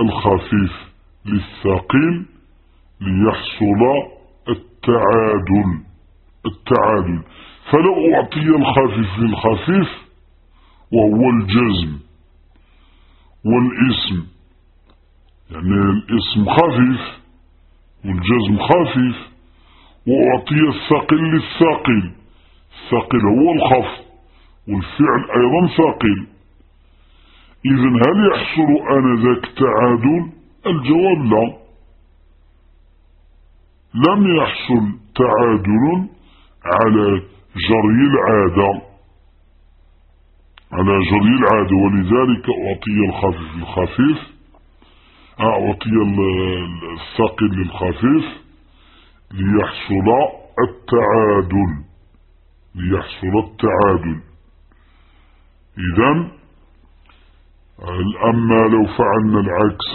الخفيف للثقيل ليحصل التعادل التعادل فلا أعطي الخفيف للخفيف وهو الجزم والاسم يعني الاسم خفيف والجزم خفيف وأعطي الثقل للثقل الثقل هو الخف والفعل أيضا ثقل إذا هل يحصل آنذاك تعادل الجواب لا لم يحصل تعادل على جري العادة على جري العادة ولذلك أعطي الخفيف آه، أعطي الثقل للخفيف ليحصل التعادل ليحصل التعادل إذا أما لو فعلنا العكس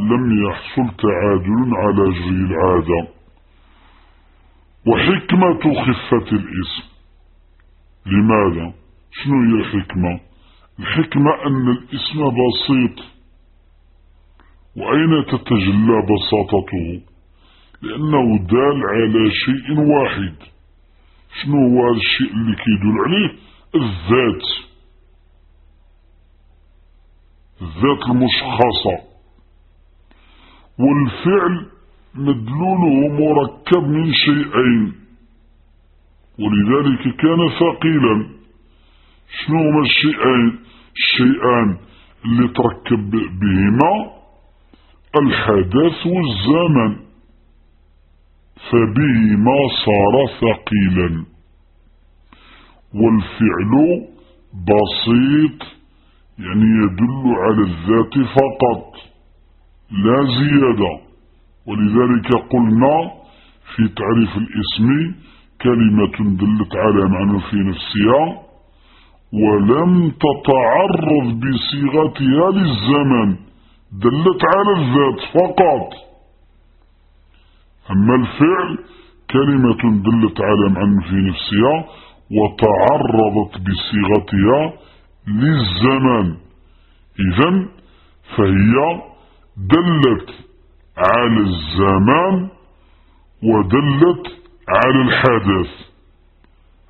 لم يحصل تعادل على جري العادة وحكمة خفة الاسم لماذا شنو هي الحكمة الحكمة أن الاسم بسيط وأين تتجلى بساطته لأنه دال على شيء واحد شنو هو الشيء اللي كيدل عليه الذات الذات المشخصة والفعل مدلوله مركب من شيئين ولذلك كان ثقيلا شنو هما الشيئين الشيئان اللي تركب بهما الحدث والزمن فبهما صار ثقيلا والفعل بسيط يعني يدل على الذات فقط لا زياده ولذلك قلنا في تعريف الاسم كلمة دلت على معنى في نفسها ولم تتعرض بصيغتها للزمن دلت على الذات فقط أما الفعل كلمة دلت على معنى في نفسها وتعرضت بصيغتها للزمن إذن فهي دلت على الزمان ودلت على الحدث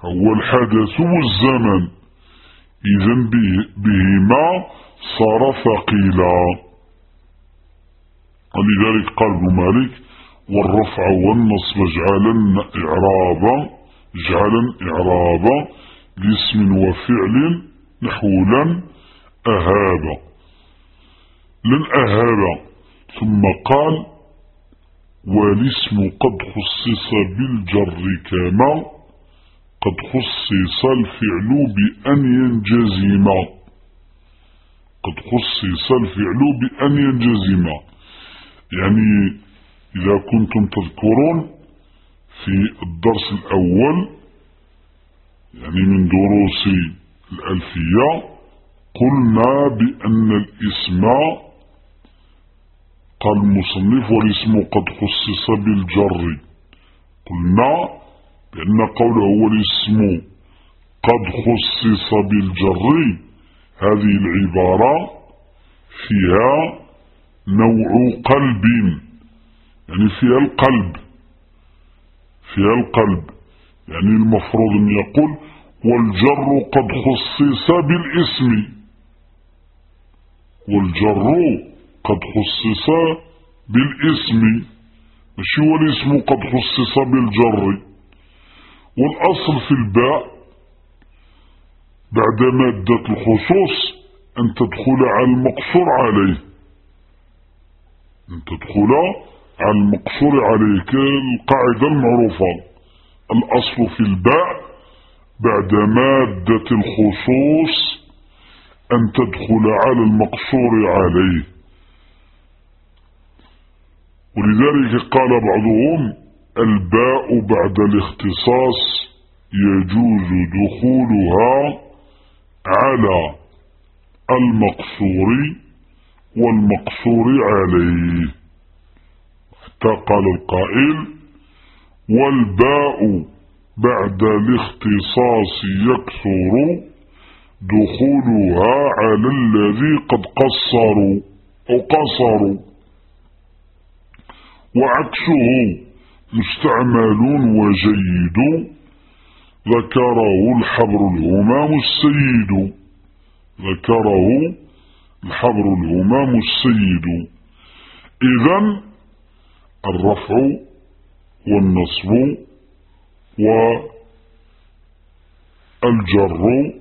هو الحدث والزمن إذا بهما صار ثقيلا ولذلك قال ابن مالك والرفع والنصب جعلن إعرابا جعلن إعرابا لاسم وفعل نحو لن أهاب لن أهاب ثم قال والاسم قد خصص بالجر كما قد خصص الفعل بأن ينجزم قد خصص الفعل بأن ينجزم يعني إذا كنتم تذكرون في الدرس الأول يعني من دروس الألفية قلنا بأن الاسم قال المصنف والاسم قد خصص بالجر قلنا بأن قوله والاسم قد خصص بالجر هذه العبارة فيها نوع قلب يعني فيها القلب فيها القلب يعني المفروض أن يقول والجر قد خصص بالاسم والجر قد خصصا بالاسم ماشي هو الاسم قد خصص بالجر والأصل في الباء بعد مادة الخصوص أن تدخل على المقصور عليه أن تدخل على المقصور عليه كالقاعدة المعروفة الأصل في الباء بعد مادة الخصوص أن تدخل على المقصور عليه ولذلك قال بعضهم الباء بعد الاختصاص يجوز دخولها على المقصور والمقصور عليه حتى قال القائل والباء بعد الاختصاص يكثر دخولها على الذي قد قصروا أو قصروا وعكسه مستعمل وجيد ذكره الحبر الهمام السيد ذكره الحبر الهمام السيد إذا الرفع والنصب والجر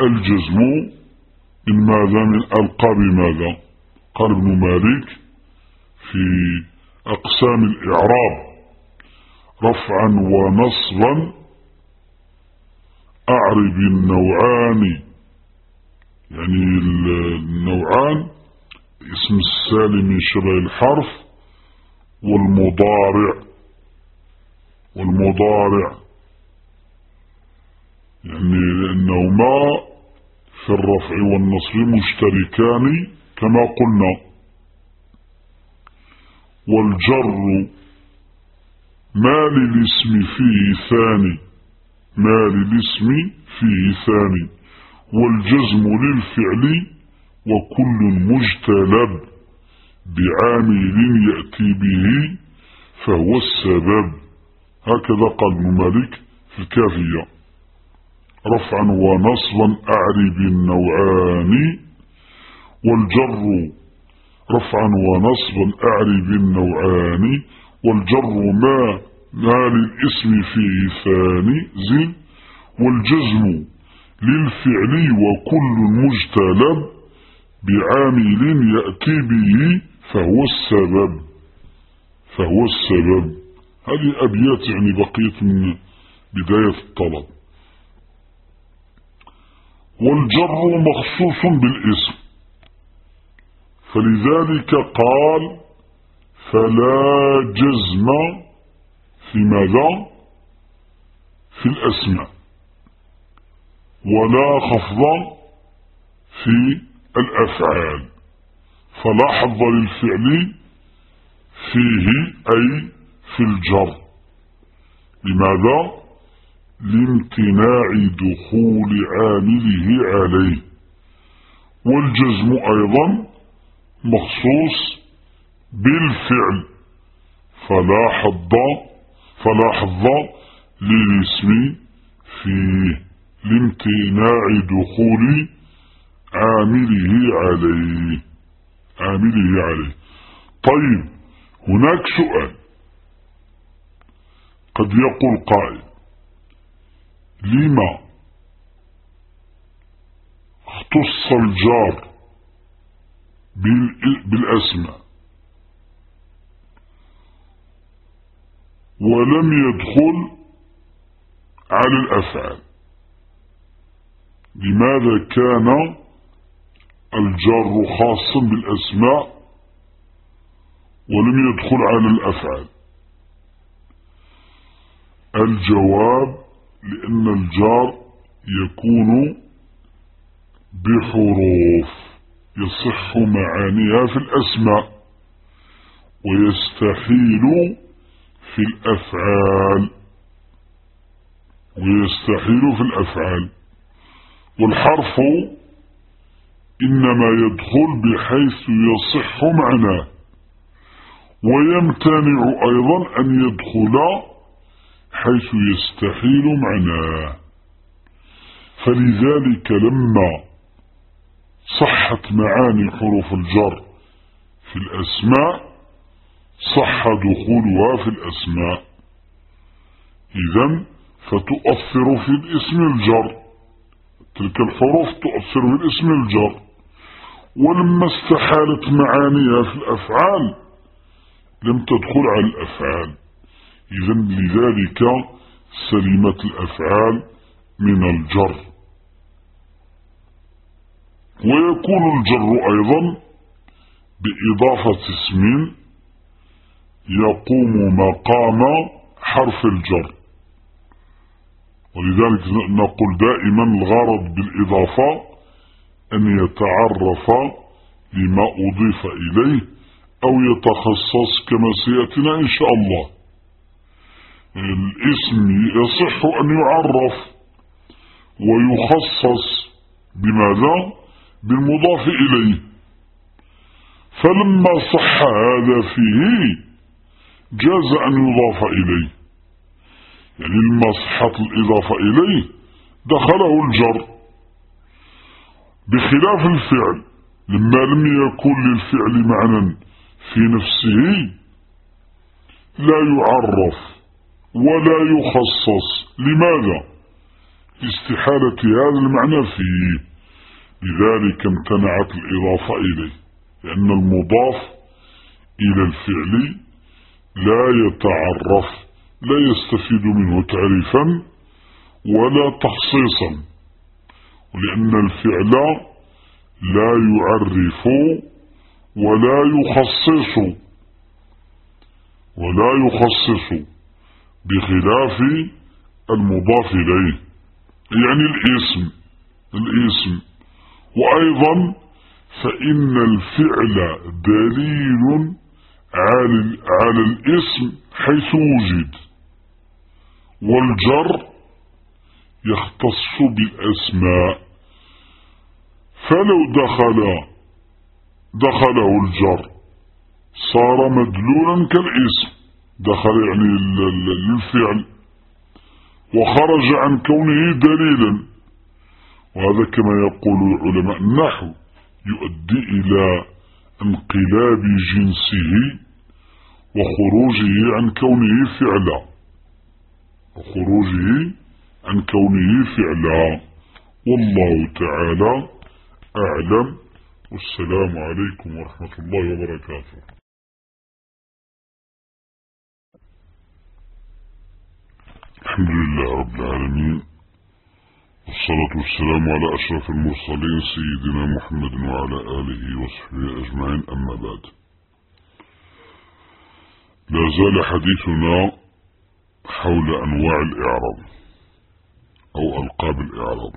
والجزم من ماذا من ألقى بماذا قال ابن مالك في أقسام الإعراب رفعا ونصبا أعرب النوعان يعني النوعان اسم السالم من شبه الحرف والمضارع والمضارع يعني لأنهما في الرفع والنصب مشتركان كما قلنا والجر ما للاسم فيه ثاني ما للاسم فيه ثاني والجزم للفعل وكل مجتلب بعامل يأتي به فهو السبب هكذا قال ابن مالك في الكافية رفعا ونصبا أعرب النوعان والجر رفعا ونصبا أعرب النوعان والجر ما ما للاسم فيه ثاني زين والجزم للفعل وكل مجتلب بعامل يأتي به فهو السبب فهو السبب هذه أبيات يعني بقيت من بداية الطلب والجر مخصوص بالاسم فلذلك قال فلا جزم في ماذا في الأسماء ولا خفض في الأفعال فلا حظ للفعل فيه أي في الجر لماذا لامتناع دخول عامله عليه والجزم أيضا مخصوص بالفعل فلا حظ فلا حظ للاسم فيه لامتناع دخول عامله عليه عامله عليه طيب هناك سؤال قد يقول قائل لما اختص الجار بالأسماء ولم يدخل على الأفعال لماذا كان الجار خاصا بالأسماء ولم يدخل على الأفعال الجواب لأن الجار يكون بحروف يصح معانيها في الأسماء ويستحيل في الأفعال ويستحيل في الأفعال والحرف إنما يدخل بحيث يصح معناه ويمتنع أيضا أن يدخل حيث يستحيل معناه فلذلك لما صحة معاني حروف الجر في الأسماء صح دخولها في الأسماء إذا فتؤثر في الاسم الجر تلك الحروف تؤثر في الاسم الجر ولما استحالت معانيها في الأفعال لم تدخل على الأفعال إذا لذلك سلمت الأفعال من الجر ويكون الجر أيضا بإضافة اسم يقوم مقام حرف الجر ولذلك نقول دائما الغرض بالإضافة أن يتعرف لما أضيف إليه أو يتخصص كما سيأتينا إن شاء الله الاسم يصح أن يعرف ويخصص بماذا؟ بالمضاف إليه فلما صح هذا فيه جاز أن يضاف إليه يعني لما صحت الإضافة إليه دخله الجر بخلاف الفعل لما لم يكن للفعل معنى في نفسه لا يعرف ولا يخصص لماذا؟ استحالة هذا المعنى فيه لذلك امتنعت الإضافة إليه لأن المضاف إلى الفعل لا يتعرف لا يستفيد منه تعريفا ولا تخصيصا ولأن الفعل لا يعرف ولا يخصص ولا يخصص بخلاف المضاف إليه يعني الاسم الاسم وأيضا فإن الفعل دليل على على الاسم حيث وجد والجر يختص بالأسماء فلو دخل دخله الجر صار مدلولا كالاسم دخل يعني الفعل وخرج عن كونه دليلا وهذا كما يقول العلماء النحو يؤدي إلى انقلاب جنسه وخروجه عن كونه فعلا وخروجه عن كونه فعلا والله تعالى أعلم والسلام عليكم ورحمة الله وبركاته الحمد لله رب العالمين والصلاة والسلام على أشرف المرسلين سيدنا محمد وعلى آله وصحبه أجمعين أما بعد لا زال حديثنا حول أنواع الإعراب أو ألقاب الإعراب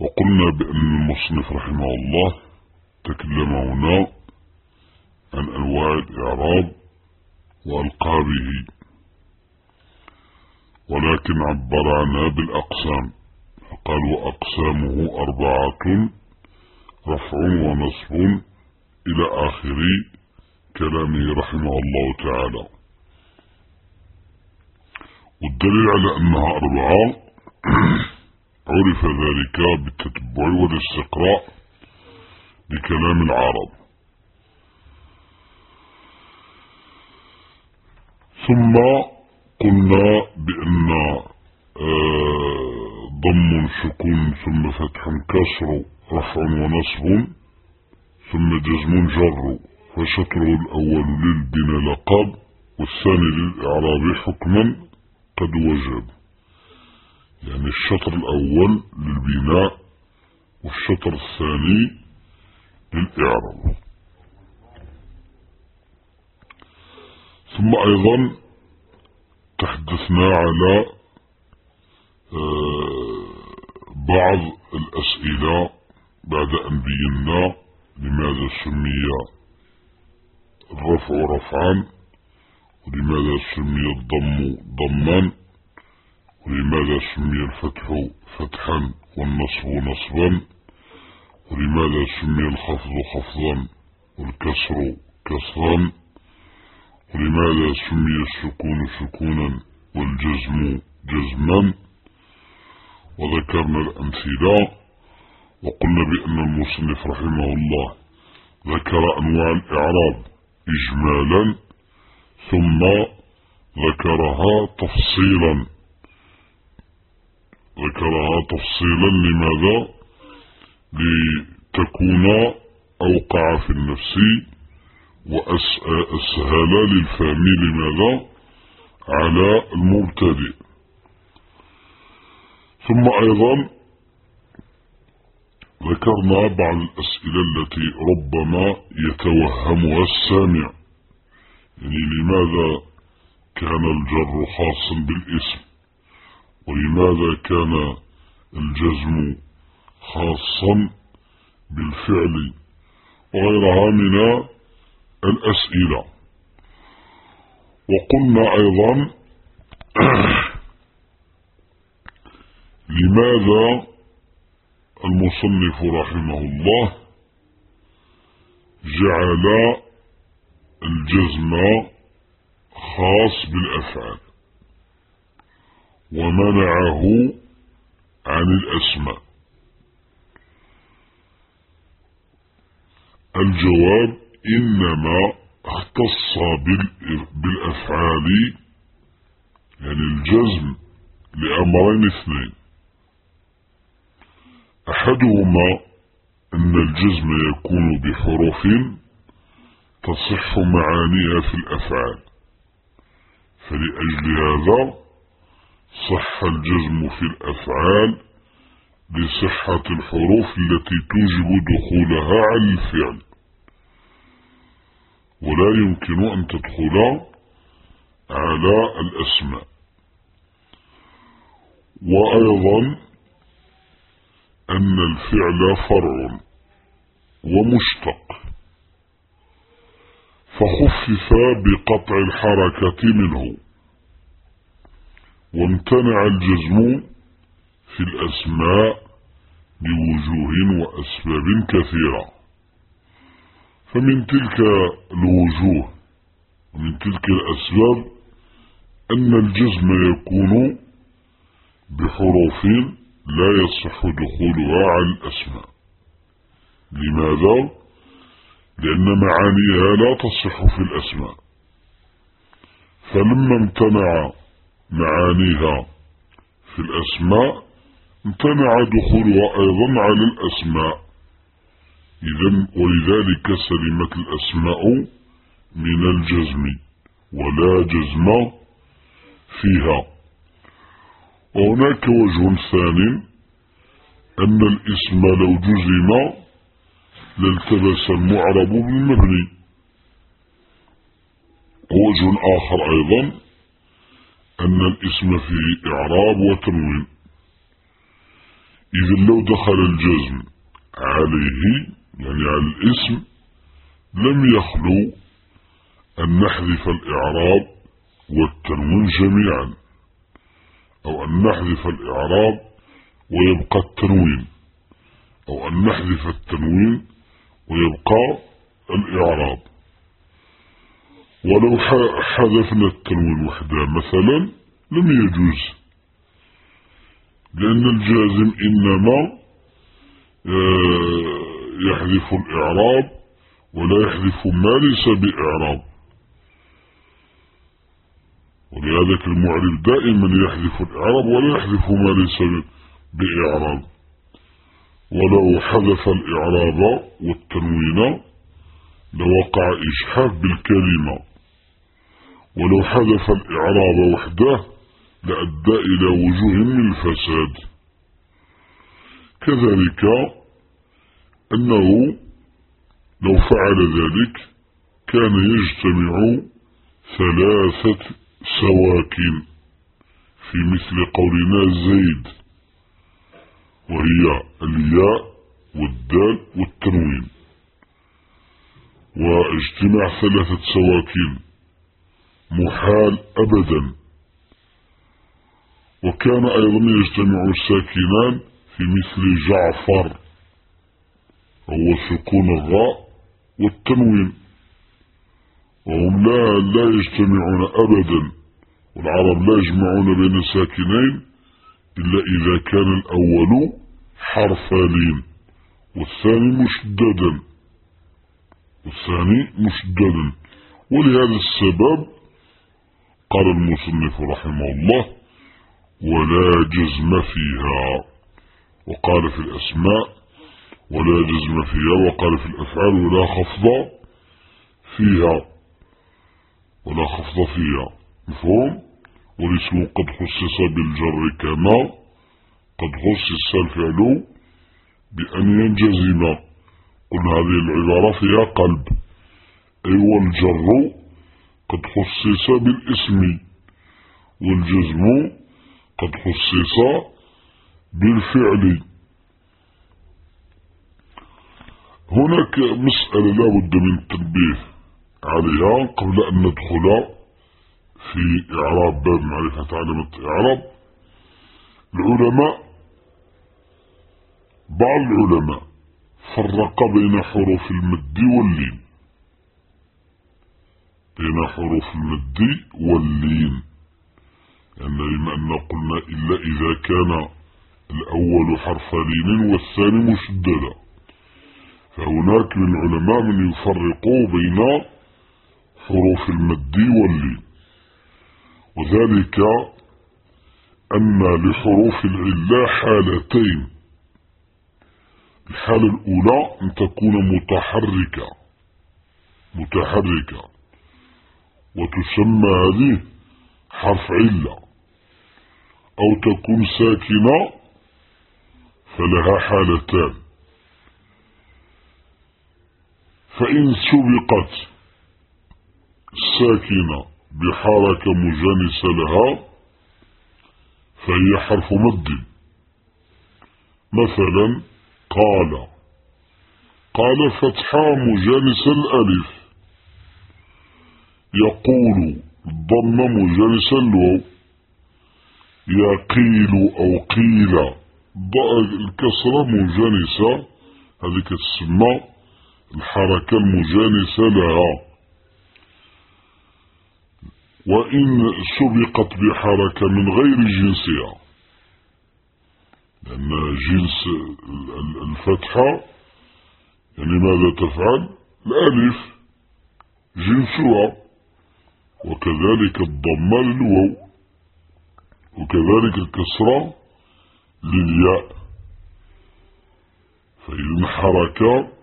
وقلنا بأن المصنف رحمه الله تكلم هنا عن أنواع الإعراب وألقابه ولكن عبر عنها بالأقسام فقال وأقسامه أربعة رفع ونصب إلى آخر كلامه رحمه الله تعالى والدليل على أنها أربعة *clears throat* عرف ذلك بالتتبع والاستقراء لكلام العرب ثم قلنا بأن آه، ضم سكون ثم فتح كسر رفع ونصب ثم جزم جر فشطره الأول للبنى لقب والثاني للإعراب حكما قد وجب يعني الشطر الأول للبناء والشطر الثاني للإعراب ثم أيضا تحدثنا على آه، بعض الأسئلة بعد أن بينا لماذا سمي الرفع رفعا ولماذا سمي الضم ضما ولماذا سمي الفتح فتحا والنصب نصبا ولماذا سمي الخفض خفضا والكسر كسرا ولماذا سمي السكون سكونا والجزم جزما وذكرنا الأمثلة وقلنا بأن المصنف رحمه الله ذكر أنواع الإعراب إجمالا ثم ذكرها تفصيلا ذكرها تفصيلا لماذا لتكون أوقع في النفس وأسهل للفهم لماذا على المبتدئ ثم أيضا ذكرنا بعض الأسئلة التي ربما يتوهمها السامع يعني لماذا كان الجر خاصا بالاسم ولماذا كان الجزم خاصا بالفعل وغيرها من الأسئلة وقلنا أيضا *clears throat* لماذا المصنف رحمه الله جعل الجزم خاص بالأفعال ومنعه عن الأسماء الجواب إنما اختص بالأفعال يعني الجزم لأمرين اثنين أحدهما أن الجزم يكون بحروف تصح معانيها في الأفعال فلأجل هذا صح الجزم في الأفعال لصحة الحروف التي توجب دخولها على الفعل ولا يمكن أن تدخل على الأسماء وأيضا أن الفعل فرع ومشتق فخفف بقطع الحركة منه وامتنع الجزم في الأسماء بوجوه وأسباب كثيرة فمن تلك الوجوه ومن تلك الأسباب أن الجزم يكون بحروف لا يصح دخولها على الأسماء لماذا؟ لأن معانيها لا تصح في الأسماء فلما امتنع معانيها في الأسماء امتنع دخولها أيضا على الأسماء إذا ولذلك سلمت الأسماء من الجزم ولا جزم فيها وهناك وجه ثاني أن الاسم لو جزم لالتبس المعرب بالمبني ووجه آخر أيضا أن الاسم فيه إعراب وتنوين إذا لو دخل الجزم عليه يعني على الاسم لم يخلو أن نحذف الإعراب والتنوين جميعا أو أن نحذف الإعراب ويبقى التنوين أو أن نحذف التنوين ويبقى الإعراب ولو حذفنا التنوين وحده مثلا لم يجوز لأن الجازم إنما آه يحذف الإعراب ولا يحذف ما ليس بإعراب ولهذا المعرب دائما يحذف الإعراب ولا يحذف ما ليس بإعراب ولو حذف الإعراب والتنوين لوقع إجحاف بالكلمة ولو حذف الإعراب وحده لأدى إلى وجوه من الفساد كذلك أنه لو فعل ذلك كان يجتمع ثلاثة سواكن في مثل قولنا زيد وهي الياء والدال والتنوين واجتماع ثلاثة سواكن محال أبدا وكان أيضا يجتمع الساكنان في مثل جعفر هو سكون الراء والتنوين وهم لا لا يجتمعون أبدا والعرب لا يجمعون بين ساكنين إلا إذا كان الأول حرف لين والثاني مشددا والثاني مشددا ولهذا السبب قال المصنف رحمه الله ولا جزم فيها وقال في الأسماء ولا جزم فيها وقال في الأفعال ولا خفض فيها ولا خفض فيها مفهوم والاسم قد خصص بالجر كما قد خصص الفعل بأن ينجزم قل هذه العبارة فيها قلب أي أيوة والجر قد خصص بالاسم والجزم قد خصص بالفعل هناك مسألة لا بد من التنبيه عليها قبل أن ندخل في إعراب باب معرفة علامة الإعراب العلماء بعض العلماء فرق بين حروف المد واللين بين حروف المد واللين لأن يعني لما أن قلنا إلا إذا كان الأول حرف لين والثاني مشددا فهناك من العلماء من يفرقوا بين حروف المد واللي وذلك أن لحروف العلة حالتين الحالة الأولى أن تكون متحركة متحركة وتسمى هذه حرف علة أو تكون ساكنة فلها حالتان فإن سبقت الساكنة بحركة مجانسة لها فهي حرف مد مثلا قال قال فتحة مجانسة الألف يقول ضم مجانسة الواو يقيل أو قيل الكسرة مجانسة هذه كتسمى الحركة المجانسة لها وإن سبقت بحركة من غير جنسها لأن جنس الفتحة يعني ماذا تفعل الألف جنسها وكذلك الضمة للواو وكذلك الكسرة للياء فإذا حركة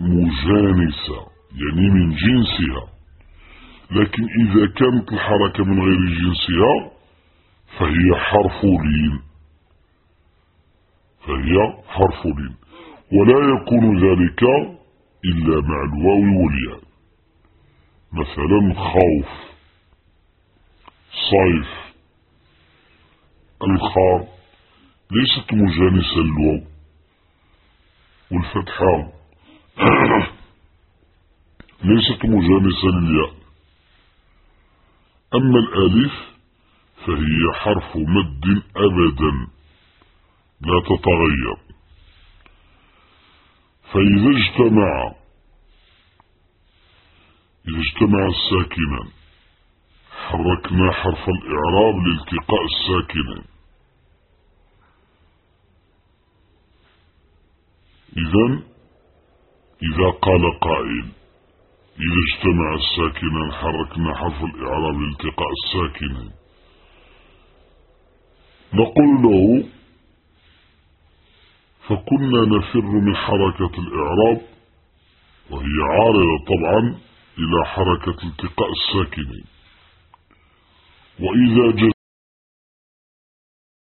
مجانسة يعني من جنسها لكن إذا كانت الحركة من غير جنسها فهي حرف لين فهي حرف لين ولا يكون ذلك إلا مع الواو والياء مثلا خوف صيف الخار ليست مجانسة للواو والفتحة *coughs* ليست مجانسا للياء أما الألف فهي حرف مد أبدا لا تتغير فإذا اجتمع إذا اجتمع الساكنا حركنا حرف الإعراب لالتقاء الساكنا إذن إذا قال قائل إذا اجتمع الساكنان حركنا حرف الإعراب لالتقاء الساكن نقول له فكنا نفر من حركة الإعراب وهي عارضة طبعا إلى حركة التقاء الساكنين وإذا